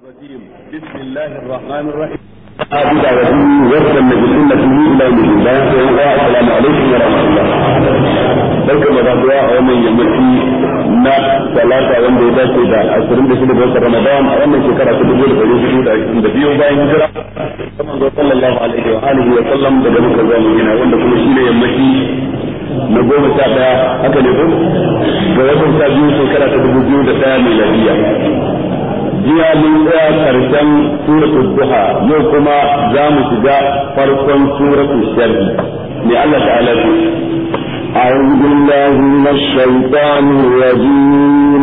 الرجيم بسم الله الرحمن الرحيم أعوذ بالله وصل بسنة إلى الله السلام عليكم ورحمة الله barkan da zuwa a wannan yammaci talata wanda ya dace da ashirin da shida ga watan ramadan a wannan shekara ta dubu da ɗari hudu da ashirin da biyu bayan hijira kamar zuwa sallallahu alaihi wa alihi wa sallam daga muka zuwa madina wanda kuma shi ne yammaci na goma sha ɗaya haka ne ko ga watan sha biyu shekara ta dubu biyu da ɗaya miladiya jiya mun tsaya karshen suratul duha yau kuma za mu shiga farkon suratul sharhi ne Allah أعوذ بالله من الشيطان الرجيم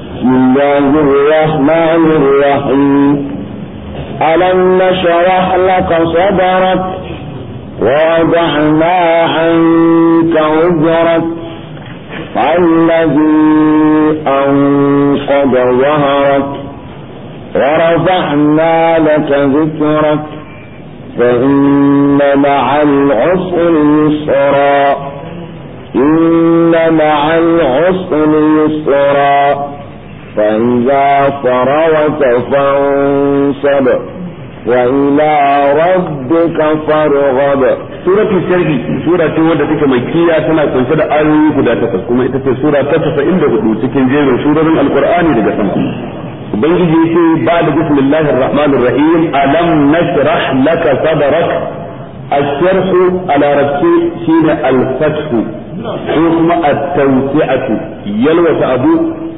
بسم الله الرحمن الرحيم ألم نشرح لك صدرك ووضعنا عنك وزرك الذي أنقض ظهرك ورفعنا لك ذكرك فإن مع العسر يسرا إن مع العسر يسرا فإذا فرغت فانصب وإلى ربك فارغب سورة الشرق سورة تودة تلك مكية سنة كنت سورة آيوي كدا تفس كما إتسي سورة تفس إلا هدو سكين جيب سورة القرآن لك سمع ubangiji yace ba'da bismillahir rahmanir rahim alam nashrah laka sadrak الشرح على ربك شين الفتح حكم التوسعة يلوى أبو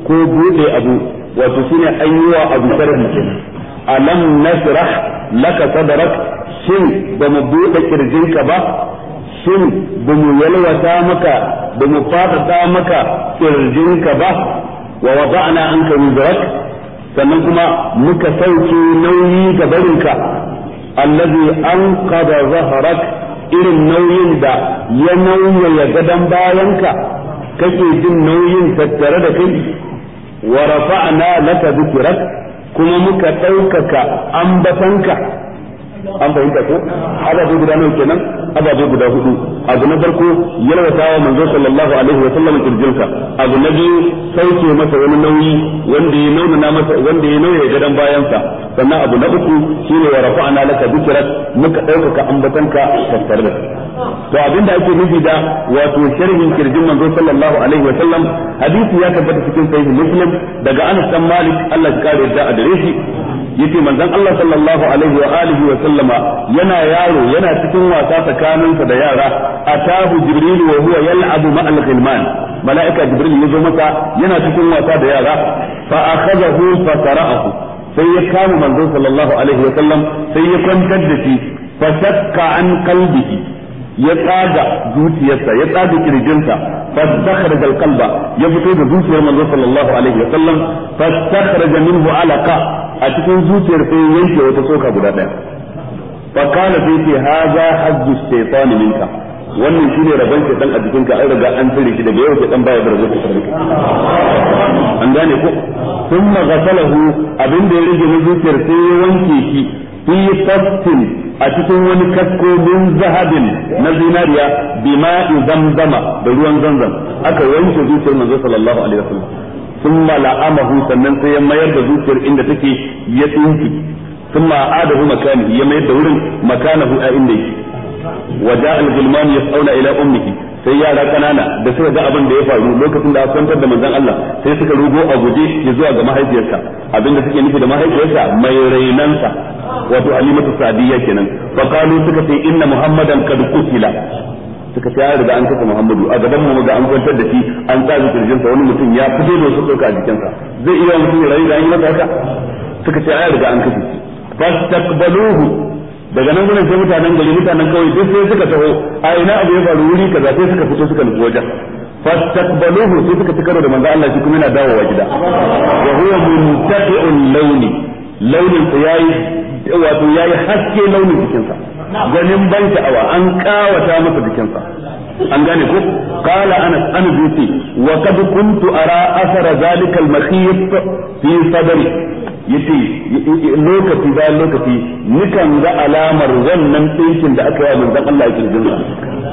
ko bude abu wato shine an yi wa abu sharhi kenan laka sadrak shin ba mu bude kirjinka ba shin ba mu yalwata maka ba mu maka ba wa sannan kuma muka sauke nauyi ga barinka allazi an qada zaharak irin nauyin da ya ya gadon bayanka kake jin nauyin tattare da kai wa rafa'na laka dhikrak kuma muka ɗaukaka ambatanka an fahimta ko hada guda nawa kenan ababe guda hudu abu na farko yalwatawa manzo sallallahu alaihi wa sallam kirjinsa abu na biyu sauke masa wani nauyi wanda ya nauna masa wanda ya nauye gadan bayansa sannan abu na uku shine wa rafa'na laka dhikrak muka dauka ambatanka tattare da to abinda ake nufi da wato sharhin kirjin manzo sallallahu alaihi wa sallam hadisi ya tabbata cikin sahih muslim daga Anas bin Malik Allah ya kare da adreshi yace manzon Allah sallallahu alaihi wa alihi wa sallama yana yaro yana cikin wasa tsakanin sa da yara atahu jibril wa huwa yal'abu ma al-ghilman malaika jibril yazo masa yana cikin wasa da yara fa akhadahu fa qara'ahu sai ya kama manzon sallallahu alaihi wa sallam sai ya kwantar da shi fa shakka an qalbihi ya tsaga zuciyarsa ya tsaga kirjinsa فاستخرج القلب يبتو ذو سير من صلى الله عليه وسلم فاستخرج منه علقة a cikin zuciyar sai yanke wata tsoka guda daya fa kana sai ce haza hazzu shaitani minka wannan shine rabon shaytan a jikinka ka an riga an tsire shi daga yau shaytan baya da rabon shaytan an gane ko thumma ghasalahu abinda ya rige na zuciyar sai ya wanke shi fi tafsin a cikin wani kasko min zahabin na zinariya bima'in zamzama da ruwan zamzam aka wanke zuciyar manzo sallallahu alaihi wasallam ثم لعمه sannan sai ya mayar da zuciyar inda take ya tsinki ثم عاده مكانه ya mayar da wurin makanahu a inda yake وجاء الغلمان يسعون الى امه sai yara kanana da suka ga abin da ya faru lokacin da kwantar da manzon Allah sai suka rugo a guje ya zuwa ga mahaifiyarsa abinda suke nufi da mahaifiyarsa mai rainansa wato halimatu sadiya kenan fa suka ce inna muhammadan kad qutila suka ta an riga an kasa Muhammadu a gaban mu ga an kwantar da shi an sa shi kirjin sa wani mutum ya fito da wasu tsoka a jikin sa zai iya mutum ya rayu da an yi masa haka suka ce an riga an kasa shi fastaqbaluhu daga nan gurin sai mutanen gari mutanen kawai duk sai suka taho a ina abu ya faru wuri kaza sai suka fito suka nufi wajen fastaqbaluhu sai suka ci karo da manzo Allah shi kuma yana dawowa gida wa huwa muntaqi'un launi launin sa yayi wato yayi haske launin jikin sa ganin ban sha'awa an kawata masa jikinsa an gane ko qala anas an zuti wa qad kuntu ara athara zalika al-makhif fi sadri yace lokaci bayan lokaci nikan ga alamar wannan ɗinkin da aka yi wa Allah ya kirjin sa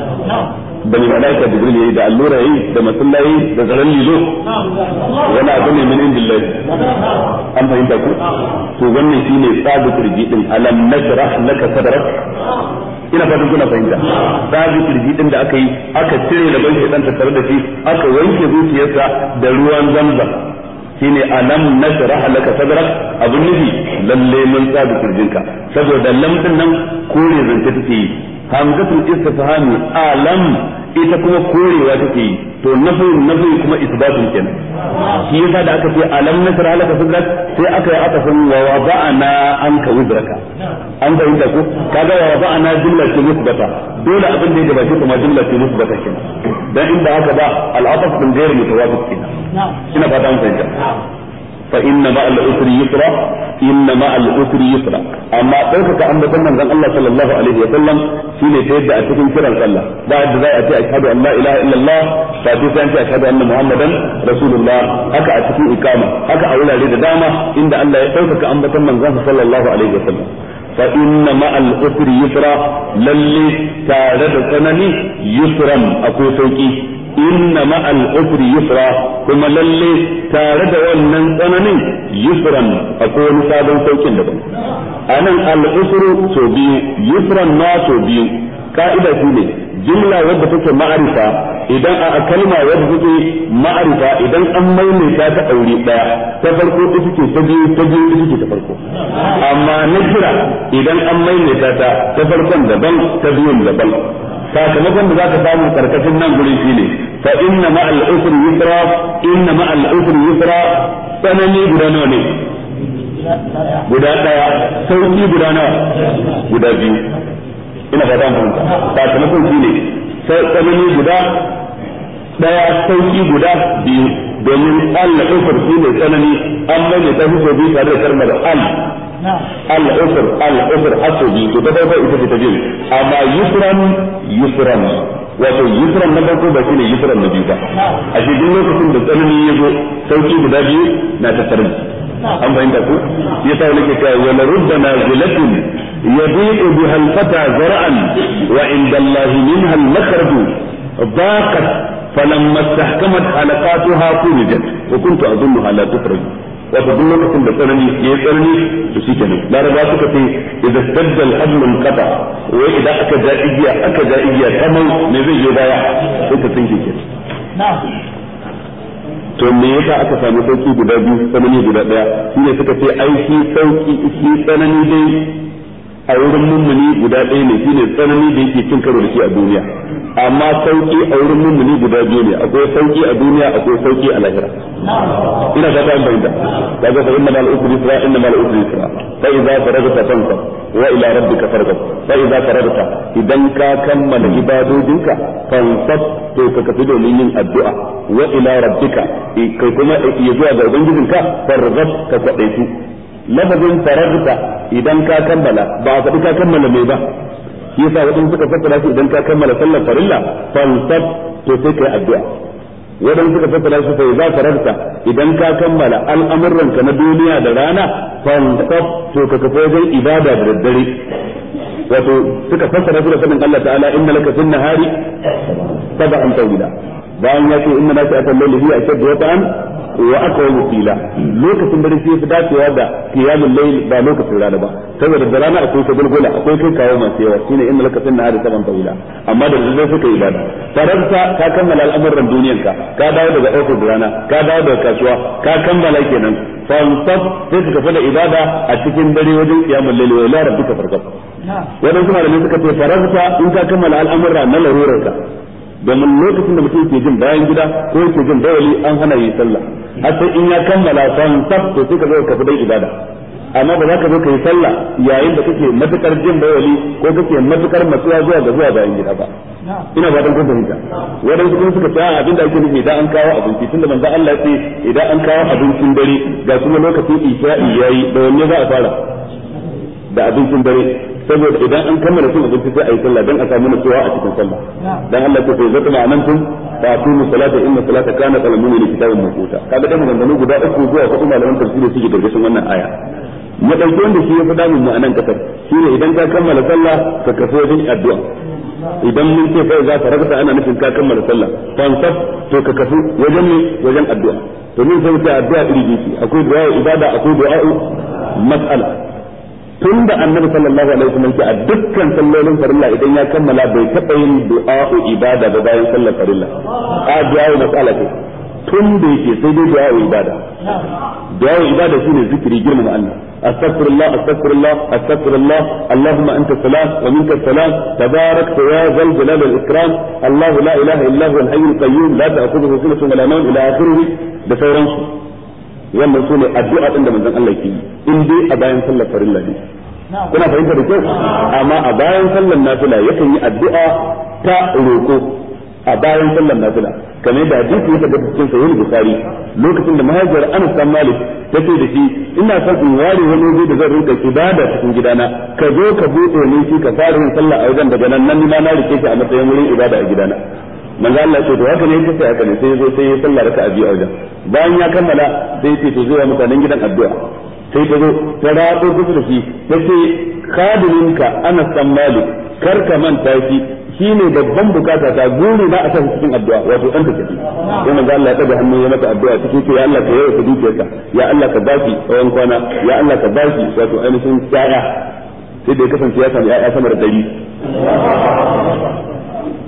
da mai malaika jibril yayi da allura yayi da masallayi da zaran lizo wani abu ne min indillahi an fahimta ku to wannan shine tsabu kirji din alam nashrah laka sadrak ina fatan kuna fahimta babu kirji din da aka yi aka cire da banke dan tattare da shi aka wanke zuciyarsa da ruwan zamzam shine alam nashrah laka sadrak abun nufi lalle mun tsada kirjinka saboda lam nan kore zance take yi hamzatul istifhami alam ita kuma korewa take yi to nafiyun nafiyu kuma isbatun kenan shi yasa da aka ce alam nasra laka sadrak sai aka yi atafin wa wada'ana anka wizraka an fahimta ko kaga wa wada'ana jumla ce musbata dole abin da ya gabace kuma jumla ce musbata kenan dan inda haka ba al'ataf min ghairi mutawafiq kenan ina fata an fahimta fa inna ma al usri yusra inna ma al usri yusra amma daukaka ambaton sallallahu alaihi wa sallam shine ta yadda a cikin kiran sallah ba yadda za a ce ashhadu an la ilaha illallah ba ce sai an ce ashhadu anna muhammadan haka a cikin a wurare da dama inda Allah ya daukaka ambaton manzon sallallahu alaihi wa sallam فإن مع الأسر يسرا للي تارد سنني يسرا أكو سوكي inna ma'al usri yusra kuma lalle tare da wannan tsananin yusran akwai wani sabon saukin daban anan al usru to biyu yusran ma to biyu ka'ida shi ne jumla wadda take ma'arifa idan a kalma wadda take ma'arifa idan an maimaita ta aure daya ta farko ita ce ta biyu ta biyu ita ce ta farko amma na kira idan an maimaita ta ta farkon daban ta biyun daban sakamakon da zaka samu karkashin nan guri shi ne fa inna ma al usri yusra inna ma al usri yusra sanani guda nawa ne guda daya sauki guda nawa guda biyu ina fata mun sakamakon shine sanani guda daya sauki guda biyu domin al usri ne sanani amma ne ta hukumi tare da karmar al al'usr al'usr asudi to da bai ita ta jiri amma yusran yusran wato yusran na farko ba shine yusran na biyu ba a cikin lokacin da tsanani ya zo sauki guda biyu na tattare an fahimta ku yasa wani ke kai wala rubbana zilatun يضيء بها الفتى زرعا وعند الله منها المخرج ضاقت فلما استحكمت حلقاتها فرجت وكنت اظنها لا تخرج wato duk lokacin da tsanani ya tsanani da shi kenan laraba suka ce idan saddal hannun kafa wai idan aka ja igiya aka ja igiya kamar me zai je baya sai ka tsinke ke to me yasa aka samu sauki guda biyu tsanani guda daya shine suka ce ai shi sauki shi tsanani dai a wurin mummuni guda ɗaya ne shine tsanani da yake cin karo da shi a duniya amma sauki a wurin mummuni guda biyu ne akwai sauki a duniya akwai sauki a lahira ina ga ta bayyana kaga fa inna mal usri yusra inna mal usri yusra fa idza faragta fanka wa ila rabbika farghab fa idza faragta idan ka kammala ibadodinka fansab to ka kafi domin yin addu'a wa ila rabbika kai kuma ya zuwa ga ubangijinka farghab ka kwadaitu lafazin faragta idan ka kammala ba a faɗi ka kammala mai ba shi yasa wadan suka fassara shi idan ka kammala sallar farilla fansab to sai kai addu'a wadan suka fassara shi fa idza faragta idan ka kammala al'amuran ka na duniya da rana fansab to ka kafa wajen ibada da daddare wato suka fassara shi da sanin Allah ta'ala inna laka fil nahari sab'an tawila bayan ya ce inna nasi akan laili hiya ashaddu wata'an wa aqwamu qila lokacin dare sai fi dacewa da qiyamul layl ba lokacin rana ba saboda da rana akwai ta gulgula akwai kai kawo masu yawa shine inna laka sunna hada saban tawila amma da dare suka yi ibada faranta ka kammala al'amuran duniyanka ka dawo daga ofis da rana ka dawo daga kasuwa ka kammala kenan fansaf sai ka tafi ibada a cikin dare wajen qiyamul layl wa ila rabbika farqab wadan kuma da suka ce faranta in ka kammala al'amuran na larurarka domin lokacin da mutum ke jin bayan gida ko yake jin dawali an hana yi sallah har sai in ya kammala san sab to sai ka zo ka fadai ibada amma ba za ka zo ka yi sallah yayin da kake matukar jin dawali ko kake matukar matsuwa zuwa ga zuwa bayan gida ba ina ba dan kun hinta wadan su suka tsaya abin da ake nufi idan an kawo abinci tunda manzo Allah ce idan an kawo abincin dare ga kuma lokacin isha'i yayi da wanne za a fara da abincin dare saboda idan an kammala cin abinci sai a yi sallah don a samu nutsuwa a cikin sallah dan Allah ta sai zata ma'anantum fa aqimu salata inna salata kana qala mu'minu kitabun mawquta kaga da maganganu guda uku zuwa hudu malaman tafsiri suke gargashin wannan aya mu dauki wanda shi ya faɗa min ma'anan kasar shine idan ka kammala sallah ka kafa wajen addu'a idan mun ce kai za ka rabata ana nufin ka kammala sallah fansaf to ka kafu wajen ne wajen addu'a to mun sai addu'a iri biyu akwai du'a ibada akwai du'a mas'ala tun da annabi sallallahu alaihi wasallam ke a dukkan sallolin farilla idan ya kammala bai taɓa yin du'a'u ibada da bayan sallar farilla a du'a'u mas'ala ce tun da yake sai dai du'a'u ibada du'a'u ibada shine zikiri girmama Allah استغفر الله استغفر الله استغفر الله اللهم انت السلام ومنك السلام تبارك يا ذا الجلال والاكرام الله لا اله الا هو الحي القيوم لا تاخذه سنه ولا نوم الى اخره da sauransu wannan sune addu'a din da manzon Allah ke in da a bayan sallar kuna fahimta da kyau amma a bayan sallan nafila yakan yi addu'a ta roko a bayan sallan nafila kamar da hadisi yake da cikin sahihul bukhari lokacin da mahajiyar Anas bin Malik tace da shi ina son in ware wani waje da zan rinka ibada cikin gidana ka zo ka bude ne shi ka fara yin sallah a wajen daga nan nan ma na rike shi a matsayin wurin ibada a gidana manzo Allah ce to haka ne yake sai haka ne sai zo sai ya sallah raka'a biyu a wajen bayan ya kammala sai ce to zuwa mutanen gidan addu'a sai ta zo ta rato kusa da shi ta ce khadiminka ana san malik kar ka manta shi shine babban bukata ta guri na a sa cikin addu'a wato dan ta kace sai manzo Allah ya tabe hannu ya mata addu'a take ce ya Allah ka yawa ka dukiyarka ya Allah ka baki tsawon kwana ya Allah ka baki wato ainihin tsaya sai da ya kasance ya sami ya'ya sama da dari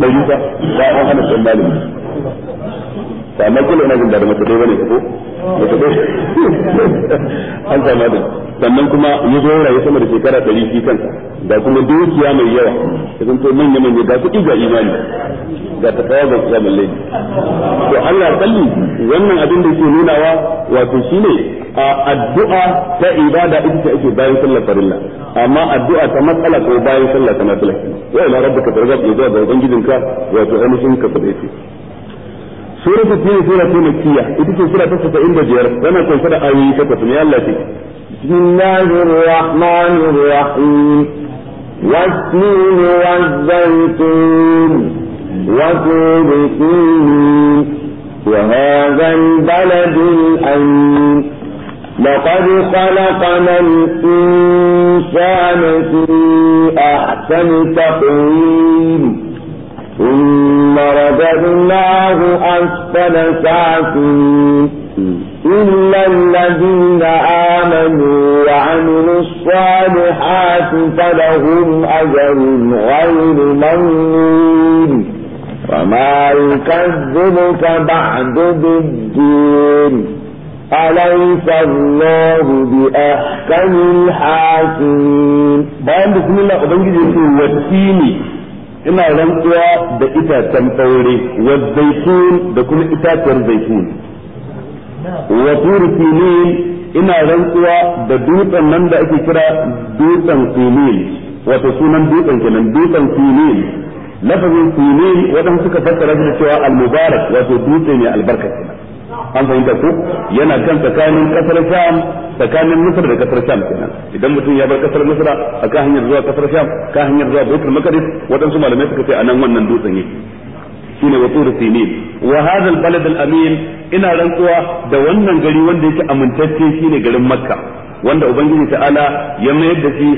dari ba ya an hana san malik ta amma kula ina jin da mata dai bane ko an sami da sannan kuma ya zo rayu sama da shekara ɗari shi kansa da kuma dukiya mai yawa ya zanto manya manya ga kuɗi ga imani ga ta kawo ga kiyamun mallai to Allah salli wannan abin da ke nunawa wato shi ne a addu'a ta ibada ita ake bayan sallar farilla amma addu'a ta matsala ko bayan sallar ta matsala wa ila rabbika targhab ila ga ubangijinka wato ainihin ka fadaiti سورة التين سورة مكية إذا سورة تسعة إن بجير وما كن سورة آية تسعة من الله بسم الله الرحمن الرحيم والتين والزيتون وطور سينين وهذا البلد الأمين لقد خلقنا الإنسان في أحسن تقويم ثم رددناه أسفل سافلين إلا الذين آمنوا وعملوا الصالحات فلهم أجر غير ممنون وما يكذبك بعد بالدين أليس الله بأحكم الحاكمين بيان بسم الله أبنجي والتيني ina rantsuwa da itacen ɗaure wa zaitun da kuma itacen zaitun wa turi ina rantsuwa da dutsen nan da ake kira dutsen sinil wato sunan dutsen kenan dutsen sinil lafazin sinil wadan suka fassara shi da cewa al-mubarak wato dutse mai albarka kenan an fahimta ko yana kan tsakanin kasar sham tsakanin misra da kasar sham kenan idan mutum ya bar kasar misra a kan hanyar zuwa kasar sham ka hanyar zuwa baitul maqdis waɗansu malamai suka ce anan wannan dutsen yake shine wa tur sinin wa hadha al balad al amin ina rantsuwa da wannan gari wanda yake amintacce shine garin makka wanda ubangiji ta'ala ya mayar da shi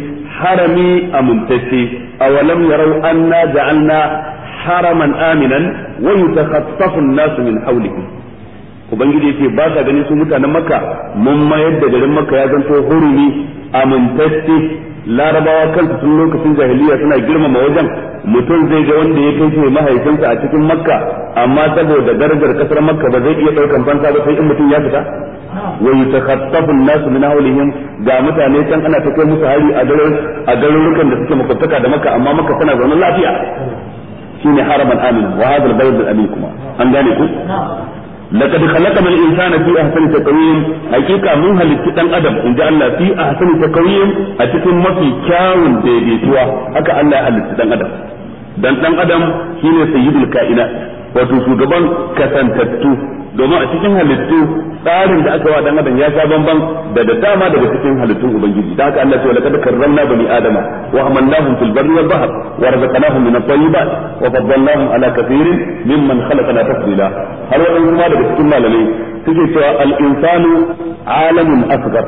harami amintacce awalam yarau anna ja'alna haraman aminan wa yatakhaffafu an-nasu min hawlihi ubangiji yake ba sa gani su mutanen makka mun mayar da garin makka ya zanto hurumi amintacce larabawa kansu tun lokacin jahiliya suna girmama wajen mutum zai ga wanda ya kai shi mahaifinsa a cikin makka amma saboda darajar kasar makka ba zai iya daukan fansa ba sai in mutum ya fita wa yatakhaffafu an-nasu min hawlihim ga mutane can ana ta kai musu hari a garurukan da suke makwabtaka da makka amma makka tana zaune lafiya shine haraman amin wa hadal bayd al-amin kuma an gane ku laqad khalaqna al-insana fi ahsani taqwim hakika mun halitti dan adam inda Allah fi ahsani taqwim a cikin mafi kyawun daidaituwa haka Allah ya halitti dan adam dan dan adam shine sayyidul kainat wato shugaban kasantattu domin a cikin halittu tsarin da aka wa dan adam ya sha bamban daga dama daga cikin halittun ubangiji da haka Allah ce wa laqad karramna bani adama wa hamalnahum fil barri wal bahr wa razaqnahum min at-tayyibat wa faddalnahum ala kathirin mimman khalaqna tafdila har wadan ma daga cikin malamai suke cewa al-insanu alamin asghar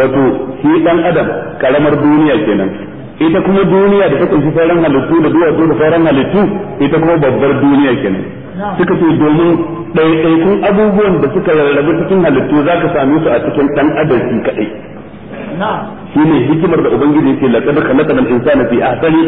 wato shi dan adam karamar duniya kenan ita kuma duniya da ta kunshi sauran halittu da duwatsu da sauran halittu ita kuma babbar duniya kenan suka ce domin ɗaiɗaikun abubuwan da suka rarrabu cikin halittu za ka same su a cikin ɗan adalci kaɗai shine hikimar da ubangiji yake laqad khalaqana al-insana fi ahsani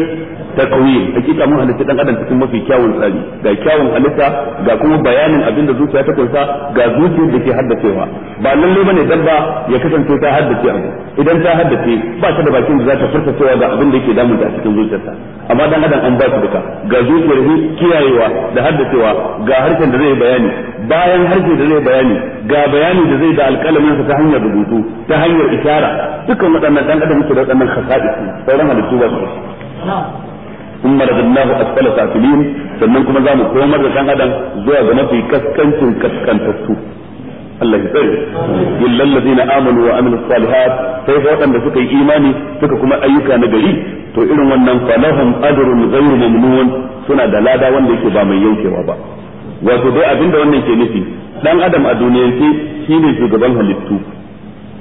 takwim hakika mun halitta dan adam cikin mafi kyawun tsari ga kyawun halitta ga kuma bayanin abin da zuciya ta kunsa ga zuciyar da ke haddacewa ba lalle bane dabba ya kasance ta haddace abu idan ta haddace ba ta da bakin da za ta furta cewa ga abin da yake damunta a cikin zuciyarta amma dan adam an ba su duka ga zuciyar kiyayewa da haddacewa ga harshen da zai bayani bayan harshe da zai bayani ga bayani da zai da alƙalamin ta hanyar rubutu ta hanyar isara dukan waɗannan wannan dan adam yake da wannan khasa'is sauran halittu ba su in maradannahu asfala safilin sannan kuma zamu komar da dan adam zuwa ga mafi kaskancin kaskantattu Allah ya tsare illal ladina amanu wa amilus salihat sai wanda suka yi imani suka kuma ayyuka na gari to irin wannan falahum ajrun ghayru mamnun suna da lada wanda yake ba mai yankewa ba wato dai abinda wannan ke nufi dan adam a duniyance shine shugaban halittu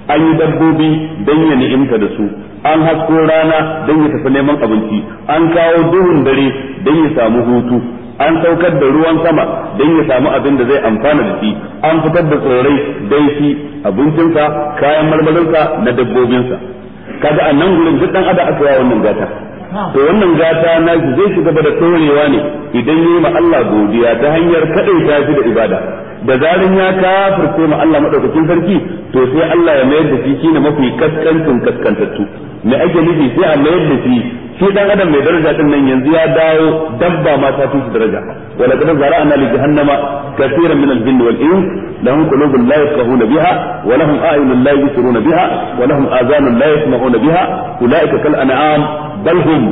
an yi dabbobi don ya ni'imta da su an hasko rana don ya tafi neman abinci an kawo duhun dare don ya samu hutu an saukar da ruwan sama don ya samu abin da zai amfana da shi an fitar da tsorai don shi abincinsa kayan marmarinsa na dabbobinsa kaga a nan gurin duk dan ada aka wannan gata to wannan gata na shi zai shiga da ɗorewa ne idan yi ma Allah godiya ta hanyar ta shi da ibada da zarin ya kafirce ma Allah madaukakin sarki to sai Allah ya mayar da shi shine mafi kaskancin kaskantattu me ake nufi sai a mayar da shi shi dan adam mai daraja din nan yanzu ya dawo dabba ma ta fi daraja wala kada ana li jahannama kaseeran min al-jinn wal ins lahum qulubun la yafqahuna biha wa lahum a'yunun la yusiruna biha wa lahum adhanun la yasma'una biha ulaika kal an'am bal hum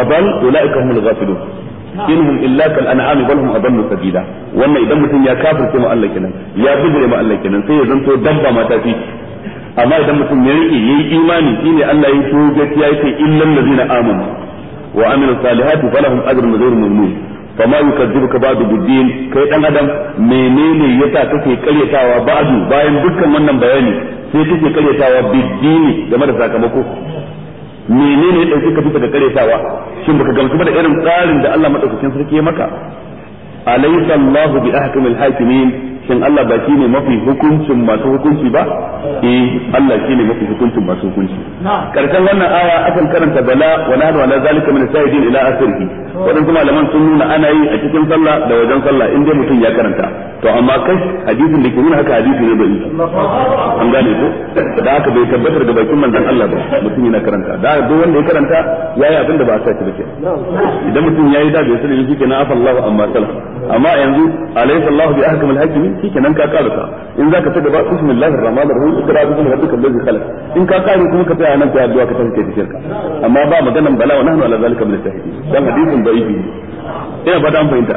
adal ulaika humul ghafilun inhum illa kal an'am bal hum adallu sabila wannan idan mutum ya kafirce mu Allah kenan ya bijire mu Allah kenan sai ya zanto dabba mata fi amma idan mutum ya rike yayi imani shine Allah ya so gaskiya yake illal ladina amanu wa amilu salihati falahum ajrun ghayru mamnun fama yukazzibuka ba'du biddin kai dan adam menene yasa kake karyatawa ba'du bayan dukkan wannan bayani sai kake karyatawa biddini game da sakamako menene ya dauki ka fita da karetawa shin baka gamsu ba da irin tsarin da Allah madaukakin sarki ya maka alaysa Allahu bi ahkamil hakimin shin Allah ba shine mafi hukuncin masu hukunci ba eh Allah shine mafi hukuncin masu hukunci karkan wannan aya akan karanta bala wa nahnu ala zalika min sayyidin ila akhirih wadan kuma malaman sun nuna ana yi a cikin sallah da wajen sallah in dai mutum ya karanta to amma kai hadisin da ke nuna haka hadisi ne bai an gane ko da haka bai tabbatar da bakin manzon Allah ba mutum yana karanta da duk wanda ya karanta yayi abin da ba sa shi ba idan mutum yayi da bai sani shi kenan afa Allah amma sallah amma yanzu alaysa Allah bi ahkamil hakimin shikenan ka karasa in zaka ta gaba bismillahir rahmanir rahim ikra bismi rabbikal ladzi khalaq in ka kare kuma ka tsaya nan ta addu'a ka tafi da shirka amma ba maganan bala wa nahnu ala zalika min shahidin dan hadisin da'ifi ina ba an fahimta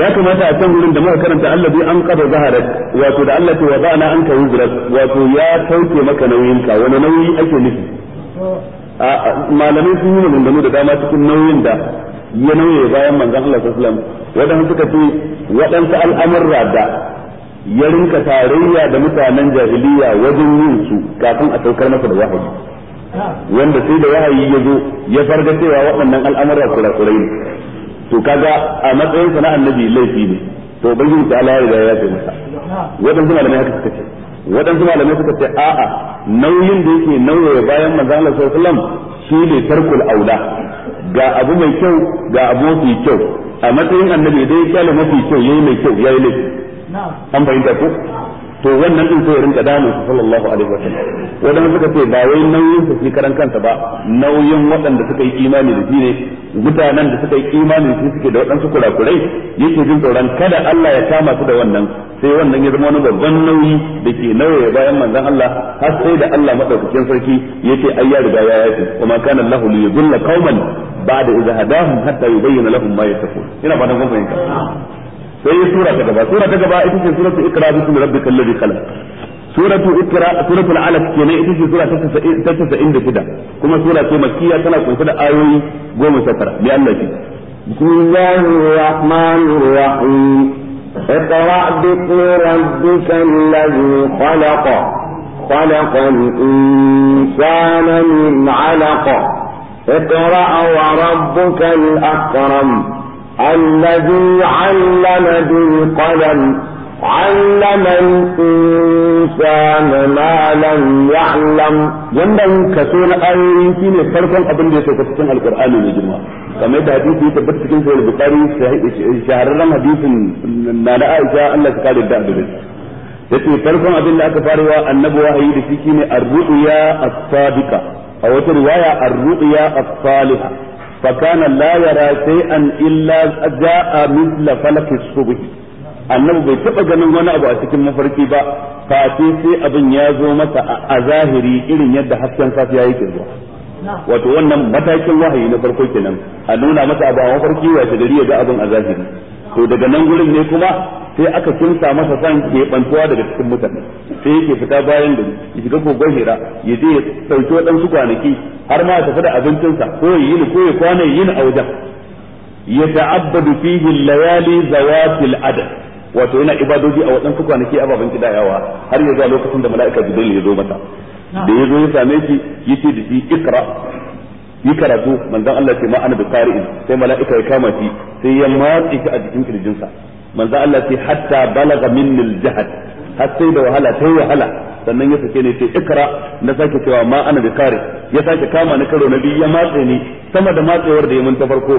ya kamata a can wurin da muka karanta Allah an qada zaharat wato da Allah ce wa ba'ana an ka wuzrat wato ya tauke maka nauyin ka wani nauyi ake nufi malamai sun yi maganganu da dama cikin nauyin da ya nauye bayan manzon Allah sallallahu alaihi wasallam suka ce waɗansu al'amurra da ya rinka tarayya da mutanen jahiliya wajen yin su kafin a saukar masa da wahayi wanda sai da wahayi ya zo ya farga cewa waɗannan al'amurra kurakurai ne to kaga a matsayin sa na annabi laifi ne to ubangiji ta Allah ya ya ce masa waɗansu malamai haka suka ce waɗansu malamai suka ce a'a nauyin da yake nauye bayan manzon Allah sallallahu alaihi wasallam shi ne tarkul aula ga abu mai kyau ga abu mafi kyau a matsayin annabi dai ya kyale mafi kyau yayi mai kyau yayi ne an fahimta ko to wannan din sai rinka da su sallallahu alaihi wa sallam wadanda suka ce ba wai nauyin su karan kanta ba nauyin waɗanda suka yi imani da shi ne mutanen da suka yi imani da suke da waɗansu kurakurai yake jin tsoron kada Allah ya kama su da wannan sai wannan ya zama wani babban nauyi da ke nauye bayan manzon Allah har sai da Allah madaukakin sarki yake ai riga ya yi kuma kana lahu li qauman بعد إذا هداهم حتى يبين لهم ما يتقون هنا بعد ما بينك سي سورة تقبا سورة تقبا إذا سورة إقرأ بسم ربك الذي خلق سورة إقرأ سورة العلق كيني إذا سورة تتسى إيه، إند كده كما سورة مكية كنا كنا كنا آيوي قوم سترة بأن الله الرحمن الرحيم اقرأ بسم ربك الذي خلق خلق الإنسان من علق اقرأ وربك الأكرم الذي علم بالقلم علم الإنسان ما لم يعلم wannan kaso na ayoyi shine farkon abin da ya sauka cikin alkur'ani mai girma kamar yadda hadisi ya tabbata cikin sahih bukhari shahararren hadisin na da Aisha Allah ta kare da adalci yace farkon abin da aka fara wa annabi wahayi da shi shine ar-ru'ya as-sadiqa a wata riwaya ar-ru'ya as-salihah fa kana la yara shay'an illa jaa mithla falak as-subh annabi bai taba ganin wani abu a cikin mafarki ba fa sai abin ya zo masa a zahiri irin yadda hasken safiya yake zuwa wato wannan matakin wahayi na farko kenan a nuna masa abu a mafarki wa ta gari ya ga abin a zahiri to daga nan gurin ne kuma sai aka kinsa masa san keɓantuwa daga cikin mutane sai yake fita bayan da ya shiga kogon hira ya je ya ɗauki waɗansu kwanaki har ma ya tafi da abincinsa ko ya yi ko ya kwana ya a wajen ya ta'abbadu fihi layali zawatil adad wato yana ibadoji a waɗansu kwanaki ababen kidayawa har ya zuwa lokacin da mala'ika jibril ya zo mata da ya zo ya same shi yace da shi ikra yi karatu manzon Allah ce ma ana da qari'in sai mala'ika ya kama shi sai ya matsi shi a jikin kirjinsa manzon Allah ce hatta balaga minnil jahad har sai da wahala ta yi wahala sannan ya sake ne ce ikra na sake cewa ma ana bi kare ya sake kama ni karo na biyu ya matse ni sama da matsewar da ya mun ta farko